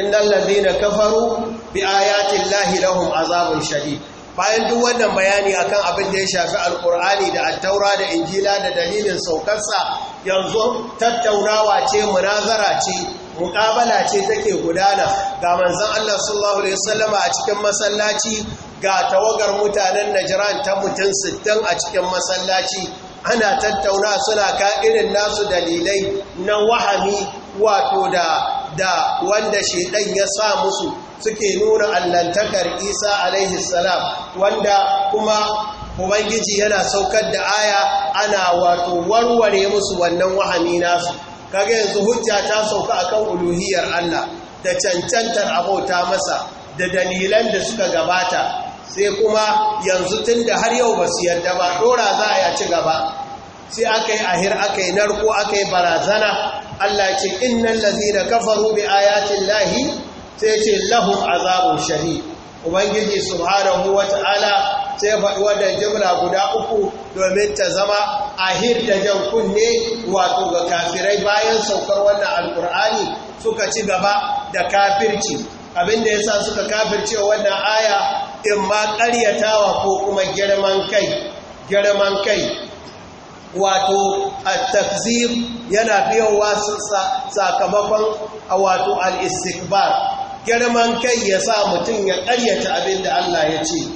innal ladhina kafaru bi ayati llahi a azabun shari. bayan duk wannan bayani akan abin da ya shafi alkur'ani da attaura da injila da dalilin saukarsa yanzu tattaunawa ce munazara ce muƙabala ce take gudana ga manzon Allah sallallahu alaihi wasallama a cikin masallaci ga tawagar mutanen Najran ta mutum 60 a cikin masallaci ana tattauna suna ka irin nasu dalilai na wahami wato da da wanda shaidan ya sa musu suke nuna allantakar isa alaihi salam wanda kuma ubangiji yana saukar da aya ana wato warware musu wannan wahami nasu kaga yanzu hujja ta sauka akan uluhiyar Allah da cancantar abota masa da dalilan da suka gabata sai kuma yanzu tun da har yau ba su yarda ba dora za a ya ci gaba sai aka yi ahir aka yi narko aka yi barazana Allah ce innan lazina kafaru bi ayatin lahi sai ce lahun azabun shari ubangiji subhanahu wata'ala sai faɗi wadda jimla guda uku domin ta zama ahir da jan kunne wato ga kafirai bayan saukar wannan alkur'ani suka ci gaba da kafirci abinda sa suka kafirce wannan aya in ma ƙaryatawa ko kuma girman kai girman kai wato at-takzir yana biyan wasu sakamakon wato al-istikbar girman kai ya sa mutum ya ɗaryata abin da Allah ya ce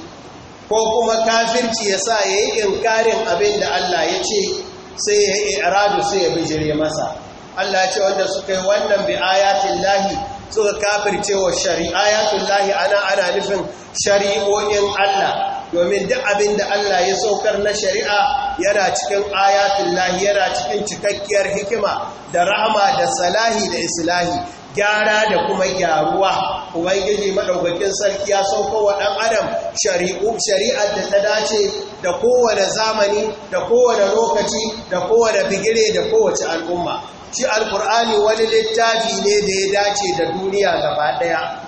ko kuma kafirci ya sa ya yi inkarin abin da Allah ya ce sai ya yi iradu sai ya bijire masa Allah ce wanda suka yi wannan bi ayatin lahi suka kafirce wa shari'ayatun lahi ana ana nufin shari'o'in Allah domin duk abin da Allah ya saukar na shari'a yana cikin ayatun lahi yana cikin cikakkiyar hikima da rahama da salahi da islahi gyara da kuma gyaruwa kuma ubangiji maɗaukakin sarki ya sauko wa ɗan adam shari'ar da ta dace da kowane zamani da kowane lokaci da kowane bigire da kowace al'umma shi alkur'ani wani littafi ne da ya dace da duniya gaba ɗaya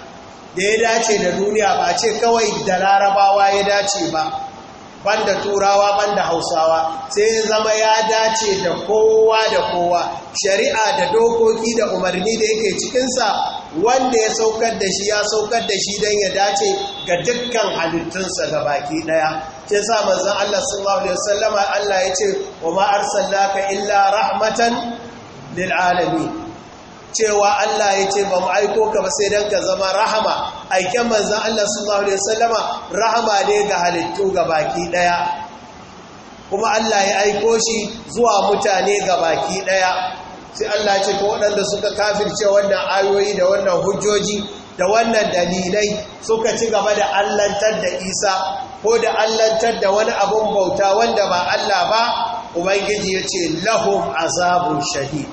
da ya dace da duniya ba ce kawai da larabawa ya dace ba banda turawa banda hausawa sai ya zama ya dace da kowa da kowa shari'a da dokoki da umarni da yake cikinsa wanda ya saukar da shi ya saukar da shi don ya dace ga dukkan halittunsa ga baki daya ke sa manzan Allah sallallahu alaihi wasallama Allah ya ce wa ma sallaka illa rahmatan lil alamin cewa Allah ya ce ba mu aiko ka ba sai don ka zama rahama aiken manzan Allah sallallahu Alaihi wasallama rahama ne ga halittu ga baki ɗaya kuma Allah ya aiko shi zuwa mutane ga baki ɗaya sai Allah ce ko waɗanda suka kafirce wannan ayoyi da wannan hujjoji da wannan dalilai suka ci gaba da allantar da isa ko da allantar da wani abun bauta wanda ba Allah ba Ubangiji ya ce lahum azabun shahid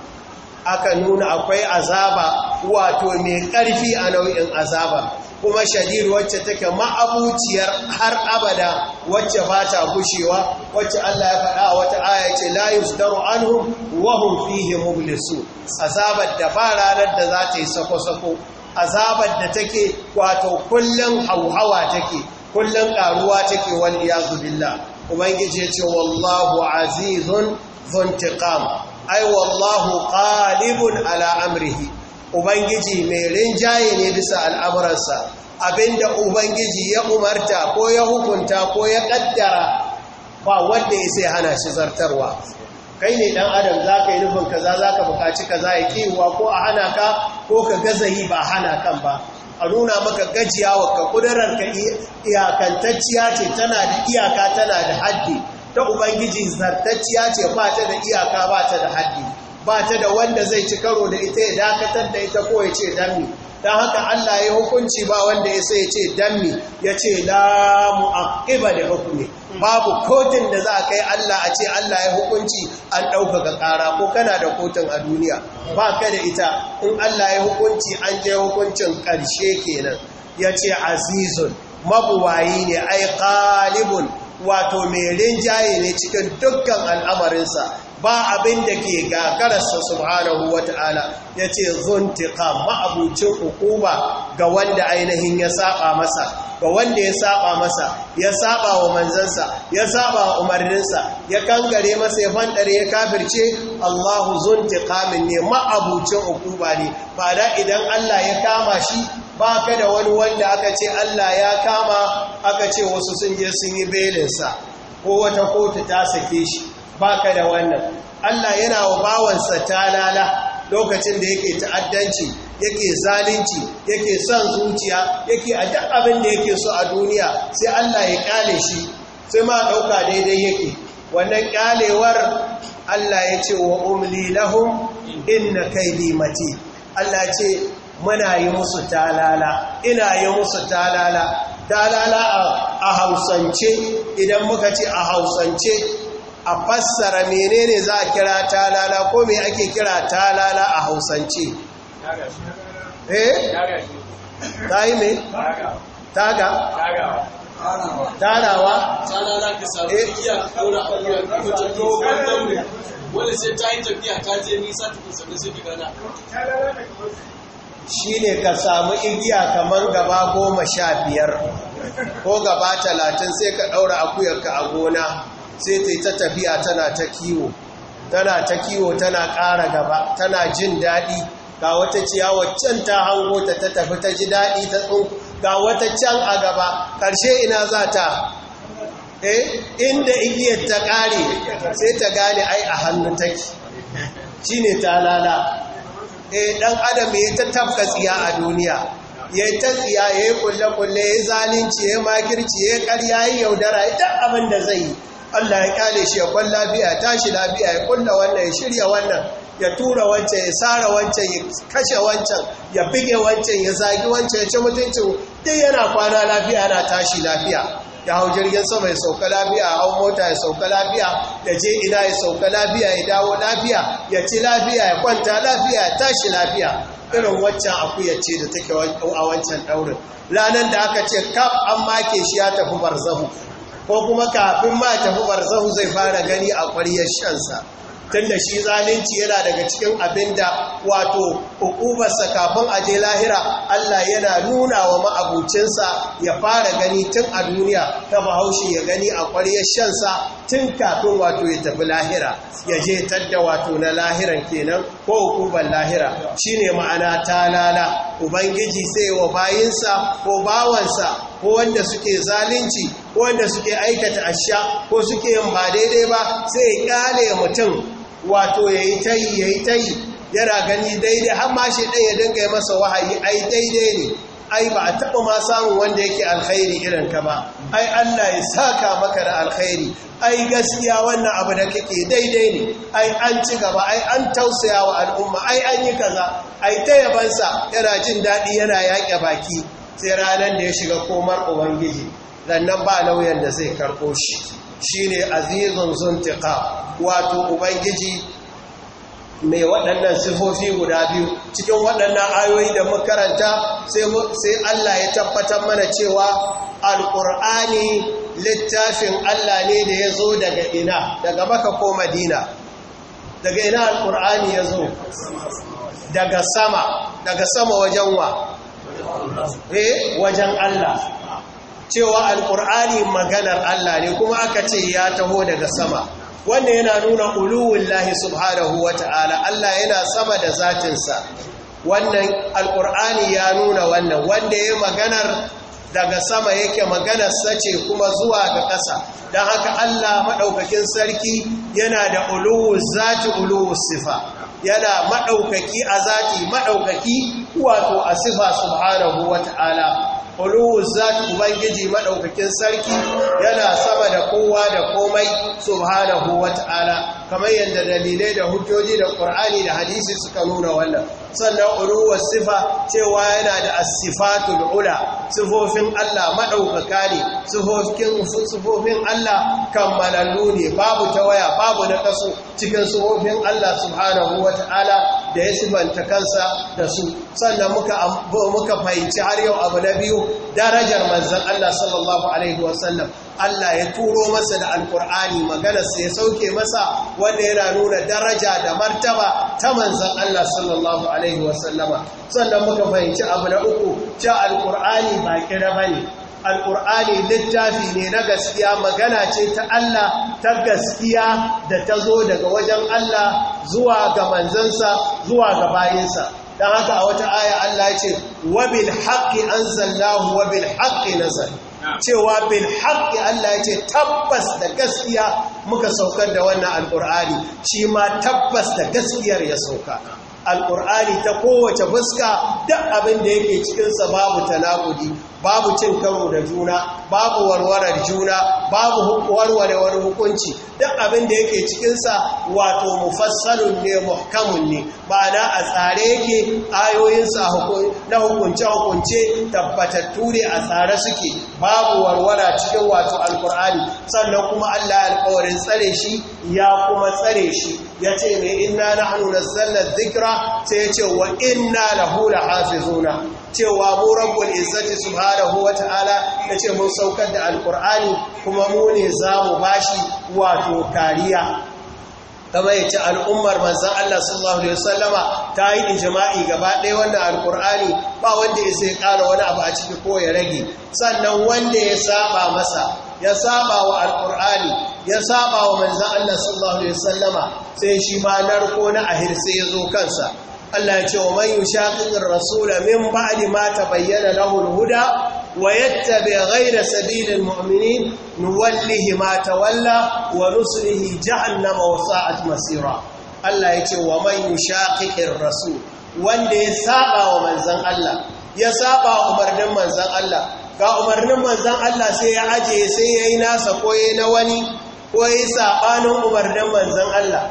aka nuna akwai azaba wato mai ƙarfi a nau'in azaba kuma shadir wacce take ma'abuciyar har abada wacce ba ta gushewa wacce Allah ya faɗa wata aya ce la yusdaru anhum wa hum fihi mublisu azabar da ba ranar da za ta yi sako-sako azabar da take wato kullun hauhawa take kullun karuwa take wal iyaz billah ubangiji ya ce wallahu azizun zuntiqam ai wallahu qalibun ala amrihi ubangiji mai rinjaye ne bisa al'amuransa abinda ubangiji ya umarta ko ya hukunta ko ya kaddara ba wanda ya sai hana shi zartarwa kai ne dan adam za ka yi nufin kaza za ka bukaci kaza ya kiwa ko a hana ka ko ka gaza yi ba hana kan ba a nuna maka gajiyawa ka kudurar ka iyakantacciya ce tana da iyaka tana da haddi ta ubangiji zartacciya ce ba ta da iyaka ba ta da haddi ba ta da wanda zai ci karo da ita ya dakatar da ita ko ya ce dammi don haka Allah ya hukunci ba wanda ya sai ya ce dammi ya ce la ƙiba da hukumi babu kotun da za a kai Allah a ce Allah ya hukunci an ɗaukaka ƙara ko kana da kotun a duniya ba ka da ita in Allah ya hukunci an je hukuncin ƙarshe kenan ya ce azizun mabuwayi ne ai ƙalibun wato mai rinjaye ne cikin dukkan al'amarinsa ba abin da ke gagararsa subhanahu wa ta'ala ya ce zuntika ma'abucin hukuma ga wanda ainihin ya saba masa ga wanda ya saba masa ya saba wa manzansa ya saba wa umarninsa ya kangare masa ya fandare ya kafirce Allahu zuntiqamin ne ma'abucin ukuba ne ba da idan Allah ya kama shi ba ka da wani wanda aka ce Allah ya kama aka ce wasu sun je sun yi belinsa ko wata kotu ta sake shi ba ka da wannan Allah yana wa bawansa ta talala lokacin da yake ta'addanci yake zalunci yake son zuciya yake a duk abin da yake so a duniya sai Allah ya kyale shi sai ma dauka daidai yake wannan kyalewar Allah ya ce wa umli lahum inna kaydi mati Allah ce muna yi musu talala ina yi musu talala talala a hausance idan muka ce a hausance a fassara menene za a kira talala ko me ake kira talala a hausance eh ta yi mai taga tarawa tana ka samu eh? tsakiya daura abuwa ka ta dogon daure wanda sai ta yi tafiya ta je nisa ta kusurda sai ta shi ne ka samu igiya kamar gaba goma sha biyar ko gaba talatin sai ka ɗaura akuyarka a gona sai ta yi ta tafiya tana ta kiwo tana ta kiwo tana ƙara gaba tana jin daɗi ga wata ciyawa can ta hango ta ta tafi ta ji daɗi ta tsun ga wata can a gaba ƙarshe ina za ta eh, inda igiyar ta ƙare sai ta gane ai a hannun take shi ne ta lala eh ɗan adam ya ta tafka tsiya a duniya ya ta tsiya ya yi kulle-kulle ya zalunci ya makirci ya karya ya yaudara ya duk abin da zai yi Allah ya kyale shi ya kwan lafiya tashi lafiya ya kulla wannan ya shirya wannan ya tura wancan ya tsara wancan ya kashe wancan ya bige wancan ya zagi wancan ya ci mutuncin din yana kwana lafiya yana tashi lafiya ya hau jirgin sama ya sauka lafiya a hau mota ya sauka lafiya ya je ina ya sauka lafiya ya dawo lafiya ya ci lafiya ya kwanta lafiya ya tashi lafiya irin waccan akuya ce da take a wancan daurin ranar da aka ce kaf an make shi ya tafi barzahu ko kuma kafin ma tafi barzahu zai fara gani a kwariyar shansa tunda shi zalunci yana daga cikin abinda wato hukumarsa kafin a je lahira Allah yana nuna wa ma'abucinsa ya fara gani tun a duniya ta bahaushe ya gani a shan shansa tun kafin wato ya tafi lahira ya je tadda wato na lahiran kenan ko hukumar lahira shine ma'ana ta lala ubangiji sai wa bayinsa ko bawansa ko wanda suke zalunci ko wanda suke aikata asha ko suke yin ba daidai ba sai ya kyale mutum wato ya yi ta yi ya yi ta yi yana gani daidai har ma shi ɗaya dinga masa wahayi ai daidai ne ai ba a taɓa ma samun wanda yake alkhairi irin ka ba ai Allah ya saka maka da alkhairi ai gaskiya wannan abu da kake daidai ne ai an ci gaba ai an tausaya wa al'umma ai an yi kaza ai ta yabansa yana jin daɗi yana yaƙe baki sai ranar da ya shiga komar ubangiji sannan ba nauyin da zai karɓo shi shine azizun zuntiqa wato ubangiji mai waɗannan sifofi guda biyu cikin waɗannan ayoyi da makaranta sai Allah ya tabbatar mana cewa alƙur'ani littafin Allah ne da ya zo daga ina daga maka ko madina daga ina alƙur'ani ya zo daga sama daga sama wajen wa eh, wajen Allah cewa alkur'ani maganar Allah ne kuma aka ce ya taho daga sama wanda yana nuna uluwun lahi subhanahu wa ta'ala Allah yana sama da zatinsa wannan alƙur'ani ya nuna wannan wanda ya maganar daga sama yake maganar sace kuma zuwa ga ƙasa don haka Allah maɗaukakin sarki yana da uluwun zati uluwun sifa yana maɗaukaki a zati maɗaukaki wato a sifa subhanahu wa ta'ala uluwul zat ubangiji maɗaukakin sarki yana sama da kowa da komai subhanahu wata'ala kamar yadda dalilai da hujjoji da ƙur'ani da hadisi suka nuna wannan sannan uruwar sifa cewa yana da asifatul ula sifofin Allah maɗaukaka ne sifofin Allah kammalallu ne babu ta waya, babu na ƙasu, cikin sifofin Allah subhanahu Ta'ala da ya sifanta kansa da su sannan muka fahimci har yau abu na biyu darajar manzan Allah sallallahu alaihi wasallam Allah ya turo masa da alkur'ani maganarsa ya sauke masa wanda yana nuna daraja da martaba ta manzan Allah sallallahu Alaihi sallama. sannan muka fahimci abu na uku cewa alkur'ani ba kira bane. Alƙur'ani alkur'ani littafi ne na gaskiya magana ce ta Allah ta gaskiya da ta zo daga wajen Allah zuwa ga manzansa zuwa ga bayinsa don haka a wata aya Allah ce wabil haƙƙi an zallahu wabil haƙƙi nazari cewa bin haƙƙi Allah ya ce tabbas da gaskiya muka saukar da wannan alƙur'ani shi ma tabbas da gaskiyar ya sauka alƙur'ani ta kowace fuska duk abin da yake cikinsa babu talabudi. babu cin karo da juna babu warwarar juna babu warware wani hukunci duk abin da yake cikinsa wato mufassalun ne muhkamun ne ba na a tsare yake ayoyinsa na hukunce-hukunce tabbatattu ne a tsare suke babu warwara cikin wato alkur'ani sannan kuma allah alkawarin tsare shi ya kuma tsare shi ya ce mai inna na hannu na zikira? sai ya ce wa inna lahula hafi zuna cewa mu rabbul izzati subhanahu wata'ala da ce mun saukar da alkur'ani kuma mu ne za mu bashi wato kariya kamar yace al'ummar manzon Allah sallallahu alaihi wasallama ta yi ijma'i gaba ɗaya wannan alkur'ani ba wanda ya sai ƙara wani abu a ciki ko ya rage sannan wanda ya saba masa ya saba wa alqur'ani ya saba wa manzon Allah sallallahu alaihi wasallama sai shi ma narko na ahir sai ya zo kansa Allah ya ce wa man yushaqiqir rasula min ba'di ma tabayyana lahu al-huda wa yattabi ghayra sabilil mu'minin nuwallihi ma tawalla wa nuslihi jahannama wa sa'at masira Allah ya ce wa man yushaqiqir rasul wanda ya saba wa manzon Allah ya saba umarnin manzon Allah ga umarnin manzon Allah sai ya aje sai yayi nasa ko na wani ko yayi sabanin umarnin manzon Allah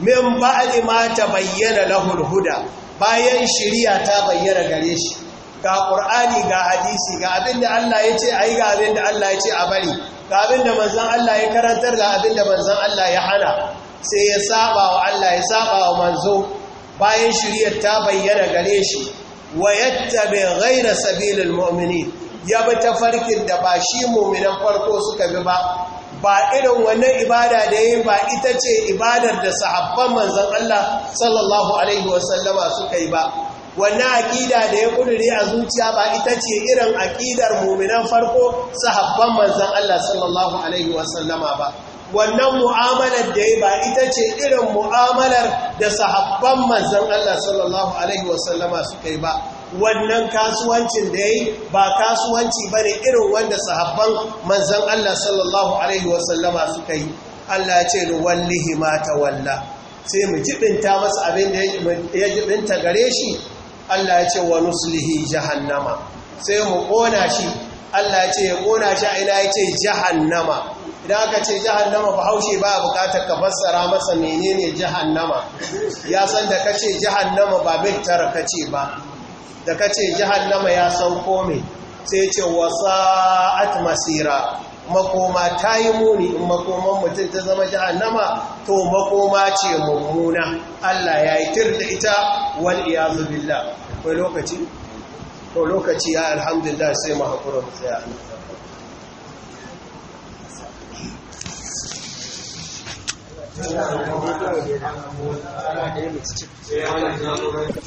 min ba'ali ma bayyana lahul huda bayan shiriya ta bayyana gare shi ga qur'ani ga hadisi ga abinda Allah yace ai ga abinda Allah yace a bari ga abinda manzon Allah ya karantar ga abinda manzon Allah ya hana sai ya saba wa Allah ya saba wa manzo bayan shiriyar ta bayyana gare shi wa yattabi ghayra sabilil mu'minin ya bi ta tafarkin da ba shi mu'minan farko suka bi ba ba irin wannan ibada da yi ba ita ce ibadar da sahabban manzan Allah sallallahu alaihi wasallama suka yi ba wannan aƙida da ya kuduri a zuciya ba ita ce irin aƙidar muminan farko sahabban manzan Allah sallallahu alaihi wasallama ba wannan mu'amalar da ya ba ita ce irin mu'amalar da sahabban manzan Allah sallallahu alaihi wasallama suka yi ba wannan kasuwancin da yayi ba kasuwanci ba ne irin wanda sahabban manzan Allah sallallahu alaihi wasallama suka yi Allah ya ce ni wallahi ma walla. sai mu jibinta masa abin da ya jibinta gare shi Allah ya ce wa nuslihi jahannama sai mu kona shi Allah ya ce ya kona shi a ina ya ce jahannama idan aka ce jahannama bahaushe ba a bukatar ka fassara masa menene jahannama ya san da ka ce jahannama ba bin tara ce ba da ka ce jahannama ya sauko mai sai ce wasa'at masira makoma ta yi muni in makoman mutum ta zama jahannama to makoma ce mummuna Allah ya yi tir da ita wal iyazu billah kai lokaci kai lokaci ya alhamdulillah sai mu haƙura mu